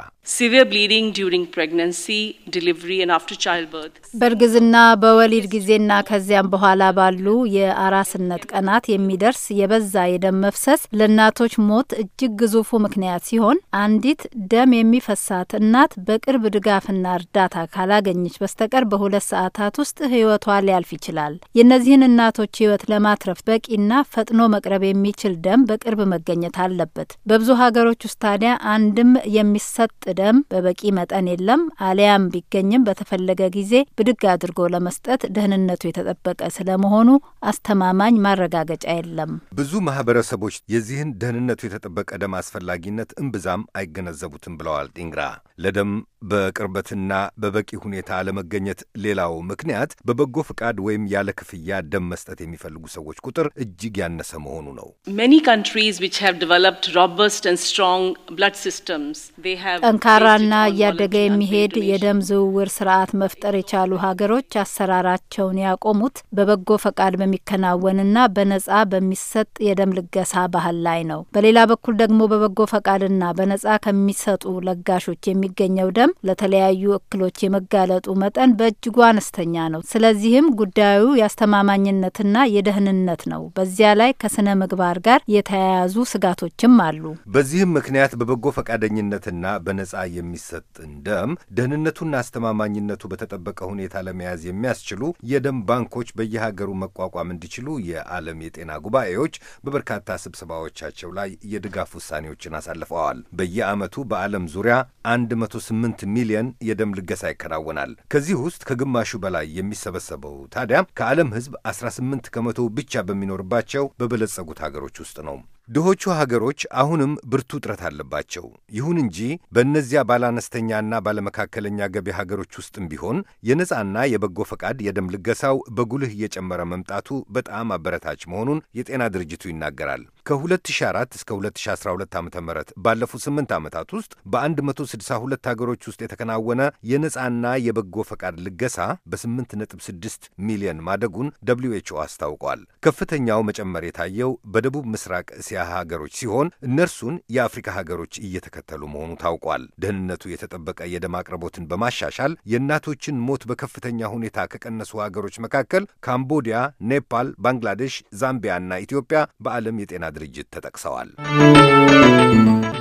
በእርግዝና በወሊድ ጊዜና ከዚያም በኋላ ባሉ የአራስነት ቀናት የሚደርስ የበዛ የደም መፍሰስ ለእናቶች ሞት እጅግ ግዙፉ ምክንያት ሲሆን አንዲት ደም የሚፈሳት እናት በቅርብ ድጋፍና እርዳታ ካላገኘች በስተቀር በሁለት ሰዓታት ውስጥ ህይወቷ ሊያልፍ ይችላል። የእነዚህን እናቶች ህይወት ለማትረፍ በቂና ፈጥኖ መቅረብ የሚችል ደም በቅርብ መገኘት አለበት። በብዙ ሀገሮች ውስጥ ታዲያ አንድም የሚሰጥ ደም በበቂ መጠን የለም። አሊያም ቢገኝም በተፈለገ ጊዜ ብድግ አድርጎ ለመስጠት ደህንነቱ የተጠበቀ ስለመሆኑ አስተማማኝ ማረጋገጫ የለም። ብዙ ማህበረሰቦች የዚህን ደህንነቱ የተጠበቀ ደም አስፈላጊነት እምብዛም አይገነዘቡትም ብለዋል ዲንግራ። ለደም በቅርበትና በበቂ ሁኔታ ለመገኘት ሌላው ምክንያት በበጎ ፍቃድ ወይም ያለ ክፍያ ደም መስጠት የሚፈልጉ ሰዎች ቁጥር እጅግ ያነሰ መሆኑ ነው። ጠንካራና እያደገ የሚሄድ የደም ዝውውር ስርዓት መፍጠር የቻሉ ሀገሮች አሰራራቸውን ያቆሙት በበጎ ፈቃድ በሚከናወንና በነጻ በሚሰጥ የደም ልገሳ ባህል ላይ ነው። በሌላ በኩል ደግሞ በበጎ ፈቃድና በነጻ ከሚሰጡ ለጋሾች የሚ የሚገኘው ደም ለተለያዩ እክሎች የመጋለጡ መጠን በእጅጉ አነስተኛ ነው። ስለዚህም ጉዳዩ የአስተማማኝነትና የደህንነት ነው። በዚያ ላይ ከስነ ምግባር ጋር የተያያዙ ስጋቶችም አሉ። በዚህም ምክንያት በበጎ ፈቃደኝነትና በነጻ የሚሰጥን ደም ደህንነቱና አስተማማኝነቱ በተጠበቀ ሁኔታ ለመያዝ የሚያስችሉ የደም ባንኮች በየሀገሩ መቋቋም እንዲችሉ የዓለም የጤና ጉባኤዎች በበርካታ ስብሰባዎቻቸው ላይ የድጋፍ ውሳኔዎችን አሳልፈዋል። በየዓመቱ በዓለም ዙሪያ አንድ 108 ሚሊዮን የደም ልገሳ ይከናወናል። ከዚህ ውስጥ ከግማሹ በላይ የሚሰበሰበው ታዲያ ከዓለም ሕዝብ 18 ከመቶ ብቻ በሚኖርባቸው በበለጸጉት ሀገሮች ውስጥ ነው። ድሆቹ ሀገሮች አሁንም ብርቱ ጥረት አለባቸው። ይሁን እንጂ በእነዚያ ባለአነስተኛና ባለመካከለኛ ገቢ ሀገሮች ውስጥም ቢሆን የነፃና የበጎ ፈቃድ የደም ልገሳው በጉልህ እየጨመረ መምጣቱ በጣም አበረታች መሆኑን የጤና ድርጅቱ ይናገራል። ከ2004 እስከ 2012 ዓ ም ባለፉት 8 ዓመታት ውስጥ በ162 ሀገሮች ውስጥ የተከናወነ የነፃና የበጎ ፈቃድ ልገሳ በ8.6 ሚሊዮን ማደጉን ደብሊው ኤች ኦ አስታውቋል። ከፍተኛው መጨመር የታየው በደቡብ ምስራቅ እስያ ሀገሮች ሲሆን እነርሱን የአፍሪካ ሀገሮች እየተከተሉ መሆኑ ታውቋል። ደህንነቱ የተጠበቀ የደም አቅርቦትን በማሻሻል የእናቶችን ሞት በከፍተኛ ሁኔታ ከቀነሱ ሀገሮች መካከል ካምቦዲያ፣ ኔፓል፣ ባንግላዴሽ፣ ዛምቢያ እና ኢትዮጵያ በዓለም የጤና ድርጅት ተጠቅሰዋል።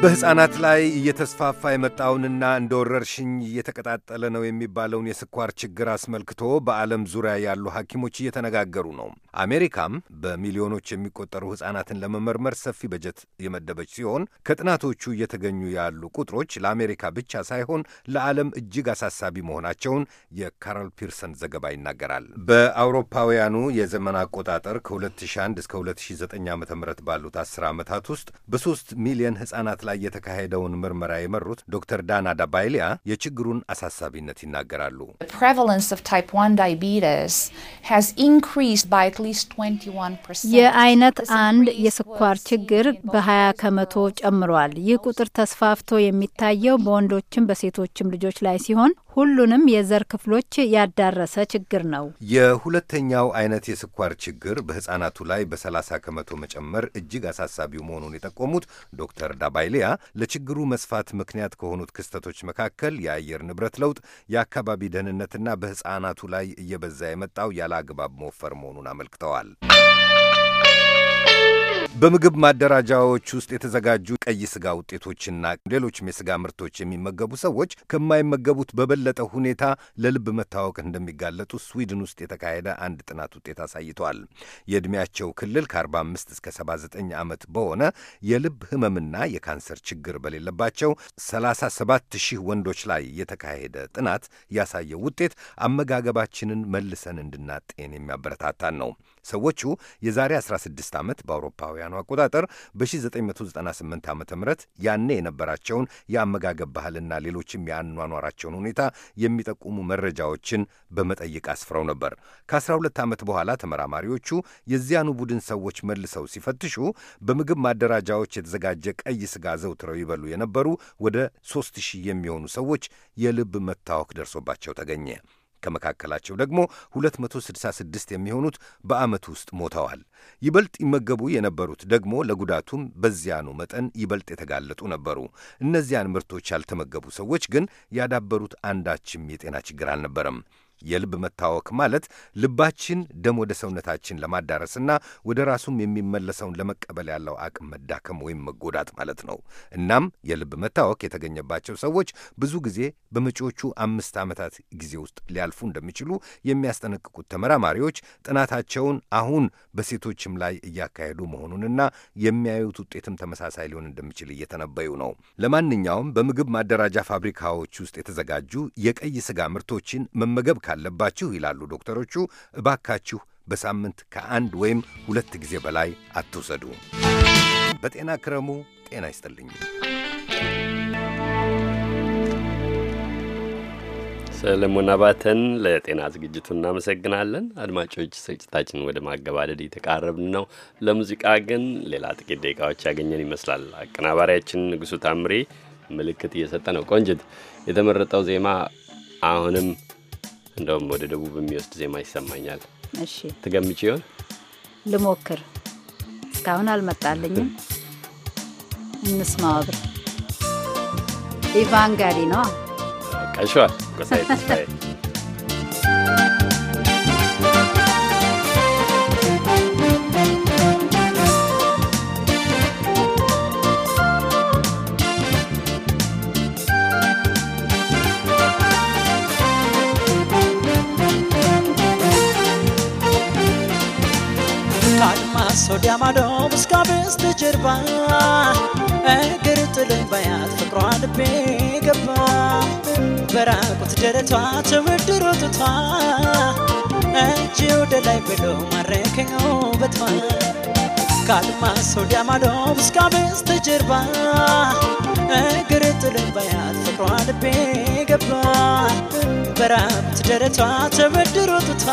በሕፃናት ላይ እየተስፋፋ የመጣውንና እንደ ወረርሽኝ እየተቀጣጠለ ነው የሚባለውን የስኳር ችግር አስመልክቶ በዓለም ዙሪያ ያሉ ሐኪሞች እየተነጋገሩ ነው። አሜሪካም በሚሊዮኖች የሚቆጠሩ ሕፃናትን ለመመርመር ሰፊ በጀት የመደበች ሲሆን ከጥናቶቹ እየተገኙ ያሉ ቁጥሮች ለአሜሪካ ብቻ ሳይሆን ለዓለም እጅግ አሳሳቢ መሆናቸውን የካሮል ፒርሰን ዘገባ ይናገራል። በአውሮፓውያኑ የዘመን አቆጣጠር ከ2001 እስከ 2009 ዓ ም ባሉት 10 ዓመታት ውስጥ በ3 ሚሊዮን ሕፃናት ላይ የተካሄደውን ምርመራ የመሩት ዶክተር ዳና ዳባይሊያ የችግሩን አሳሳቢነት ይናገራሉ። የአይነት አንድ የስኳር ችግር በ20 ከመቶ ጨምሯል። ይህ ቁጥር ተስፋፍቶ የሚታየው በወንዶችም በሴቶችም ልጆች ላይ ሲሆን ሁሉንም የዘር ክፍሎች ያዳረሰ ችግር ነው። የሁለተኛው አይነት የስኳር ችግር በህጻናቱ ላይ በ30 ከመቶ መጨመር እጅግ አሳሳቢው መሆኑን የጠቆሙት ዶክተር ዳባይሊያ ዙሪያ ለችግሩ መስፋት ምክንያት ከሆኑት ክስተቶች መካከል የአየር ንብረት ለውጥ፣ የአካባቢ ደህንነትና በሕፃናቱ ላይ እየበዛ የመጣው ያለ አግባብ መወፈር መሆኑን አመልክተዋል። በምግብ ማደራጃዎች ውስጥ የተዘጋጁ ቀይ ስጋ ውጤቶችና ሌሎችም የስጋ ምርቶች የሚመገቡ ሰዎች ከማይመገቡት በበለጠ ሁኔታ ለልብ መታወክ እንደሚጋለጡ ስዊድን ውስጥ የተካሄደ አንድ ጥናት ውጤት አሳይቷል። የዕድሜያቸው ክልል ከ45 እስከ 79 ዓመት በሆነ የልብ ህመምና የካንሰር ችግር በሌለባቸው 37 ሺህ ወንዶች ላይ የተካሄደ ጥናት ያሳየው ውጤት አመጋገባችንን መልሰን እንድናጤን የሚያበረታታን ነው። ሰዎቹ የዛሬ 16 ዓመት በአውሮፓውያኑ አቆጣጠር በ1998 ዓ ም ያኔ የነበራቸውን የአመጋገብ ባህልና ሌሎችም የአኗኗራቸውን ሁኔታ የሚጠቁሙ መረጃዎችን በመጠይቅ አስፍረው ነበር። ከ12 ዓመት በኋላ ተመራማሪዎቹ የዚያኑ ቡድን ሰዎች መልሰው ሲፈትሹ በምግብ ማደራጃዎች የተዘጋጀ ቀይ ስጋ ዘውትረው ይበሉ የነበሩ ወደ 3000 የሚሆኑ ሰዎች የልብ መታወክ ደርሶባቸው ተገኘ። ከመካከላቸው ደግሞ 266 የሚሆኑት በዓመት ውስጥ ሞተዋል። ይበልጥ ይመገቡ የነበሩት ደግሞ ለጉዳቱም በዚያኑ መጠን ይበልጥ የተጋለጡ ነበሩ። እነዚያን ምርቶች ያልተመገቡ ሰዎች ግን ያዳበሩት አንዳችም የጤና ችግር አልነበረም። የልብ መታወክ ማለት ልባችን ደም ወደ ሰውነታችን ለማዳረስና ወደ ራሱም የሚመለሰውን ለመቀበል ያለው አቅም መዳከም ወይም መጎዳት ማለት ነው። እናም የልብ መታወክ የተገኘባቸው ሰዎች ብዙ ጊዜ በመጪዎቹ አምስት ዓመታት ጊዜ ውስጥ ሊያልፉ እንደሚችሉ የሚያስጠነቅቁት ተመራማሪዎች ጥናታቸውን አሁን በሴቶችም ላይ እያካሄዱ መሆኑንና የሚያዩት ውጤትም ተመሳሳይ ሊሆን እንደሚችል እየተነበዩ ነው። ለማንኛውም በምግብ ማደራጃ ፋብሪካዎች ውስጥ የተዘጋጁ የቀይ ስጋ ምርቶችን መመገብ ካለባችሁ ይላሉ ዶክተሮቹ፣ እባካችሁ በሳምንት ከአንድ ወይም ሁለት ጊዜ በላይ አትውሰዱ። በጤና ክረሙ። ጤና ይስጥልኝ። ሰለሞን አባተን ለጤና ዝግጅቱ እናመሰግናለን። አድማጮች ስርጭታችን ወደ ማገባደድ እየተቃረብን ነው። ለሙዚቃ ግን ሌላ ጥቂት ደቂቃዎች ያገኘን ይመስላል። አቀናባሪያችን ንጉሱ ታምሬ ምልክት እየሰጠ ነው። ቆንጅት የተመረጠው ዜማ አሁንም እንደውም ወደ ደቡብ የሚወስድ ዜማ ይሰማኛል። እሺ ትገምች ይሆን? ልሞክር። እስካሁን አልመጣልኝም። እንስማው አብረን ኢቫንጋሪ ነው ቀሸዋል ጎሳዬ ተስፋዬ ከማዶው እስከ በስተጀርባ እግር ጥሎኝ ባያት ፍቅሯ ልቤ ገባ በራቁት ደረቷ ተወድሮ ጡቷ እጅ ወደ ላይ ብሎ ማረከኝ ውበቷ ከአድማስ ወዲያ ማዶ እስከ በስተጀርባ እግር ጥሎኝ ባያት ፍቅሯ ልቤ ገባ በራቁት ደረቷ ተወድሮ ጡቷ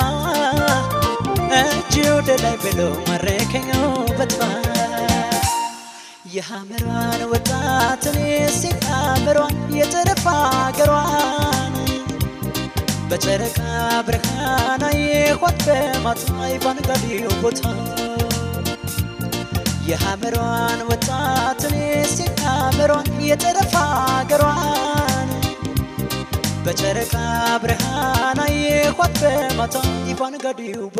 እጅ ወደ ላይ ብሎ ማረከኝ ውበቷ የሐመሯን ወጣትን ሲቃምሯን የጠረፋ አገሯን በጨረቃ ብርሃን አየኋት በማታ ባንጋዴው ቦታ የሐመሯን ወጣትን ሲቃምሯን የጠረፋ አገሯን बचरका बृहानै खे इपन दिपन कट्युब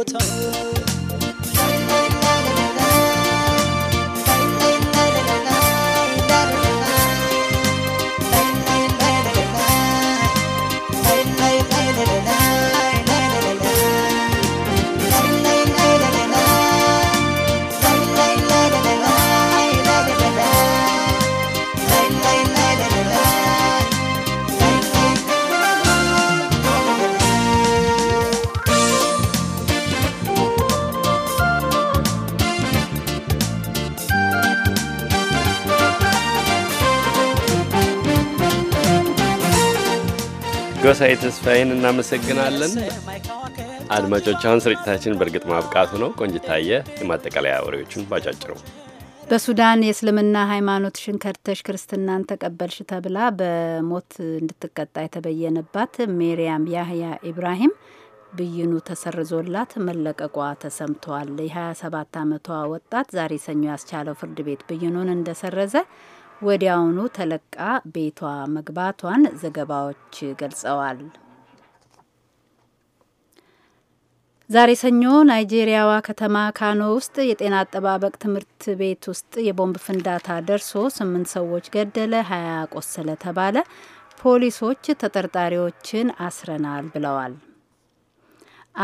ጎሳዬ ተስፋዬን እናመሰግናለን። አድማጮች፣ አሁን ስርጭታችን በእርግጥ ማብቃቱ ነው። ቆንጅታየ የማጠቃለያ ወሬዎቹን ባጫጭሩ በሱዳን የእስልምና ሃይማኖት ሽንከርተሽ ክርስትናን ተቀበልሽ ተብላ በሞት እንድትቀጣ የተበየነባት ሜሪያም ያህያ ኢብራሂም ብይኑ ተሰርዞላት መለቀቋ ተሰምተዋል። የ27 ዓመቷ ወጣት ዛሬ ሰኞ ያስቻለው ፍርድ ቤት ብይኑን እንደሰረዘ ወዲያውኑ ተለቃ ቤቷ መግባቷን ዘገባዎች ገልጸዋል። ዛሬ ሰኞ ናይጄሪያዋ ከተማ ካኖ ውስጥ የጤና አጠባበቅ ትምህርት ቤት ውስጥ የቦምብ ፍንዳታ ደርሶ ስምንት ሰዎች ገደለ፣ ሀያ ቆሰለ ተባለ። ፖሊሶች ተጠርጣሪዎችን አስረናል ብለዋል።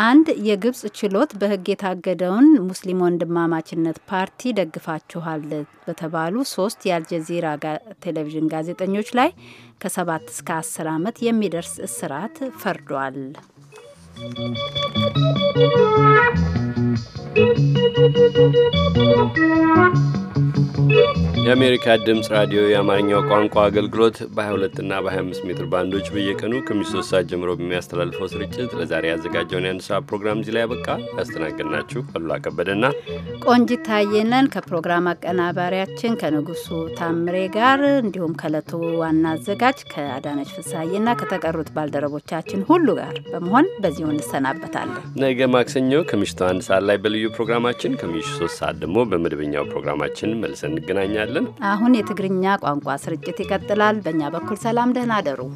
አንድ የግብጽ ችሎት በህግ የታገደውን ሙስሊም ወንድማማችነት ፓርቲ ደግፋችኋል በተባሉ ሶስት የአልጀዚራ ቴሌቪዥን ጋዜጠኞች ላይ ከሰባት እስከ አስር ዓመት የሚደርስ እስራት ፈርዷል። ¶¶ የአሜሪካ ድምፅ ራዲዮ የአማርኛው ቋንቋ አገልግሎት በ22 እና በ25 ሜትር ባንዶች በየቀኑ ከምሽቱ ሶስት ሰዓት ጀምሮ በሚያስተላልፈው ስርጭት ለዛሬ ያዘጋጀውን የአንድ ሰዓት ፕሮግራም እዚህ ላይ ያበቃ። ያስተናገድናችሁ አሉላ ከበደና ቆንጂት ታየነን ከፕሮግራም አቀናባሪያችን ከንጉሱ ታምሬ ጋር እንዲሁም ከእለቱ ዋና አዘጋጅ ከአዳነች ፍሳዬና ከተቀሩት ባልደረቦቻችን ሁሉ ጋር በመሆን በዚሁ እንሰናበታለን። ነገ ማክሰኞ ከምሽቱ አንድ ሰዓት ላይ በልዩ ፕሮግራማችን ከምሽቱ ሶስት ሰዓት ደግሞ በመደበኛው ፕሮግራማችን መልሰ እንገናኛለን። አሁን የትግርኛ ቋንቋ ስርጭት ይቀጥላል። በእኛ በኩል ሰላም፣ ደህና አደሩ።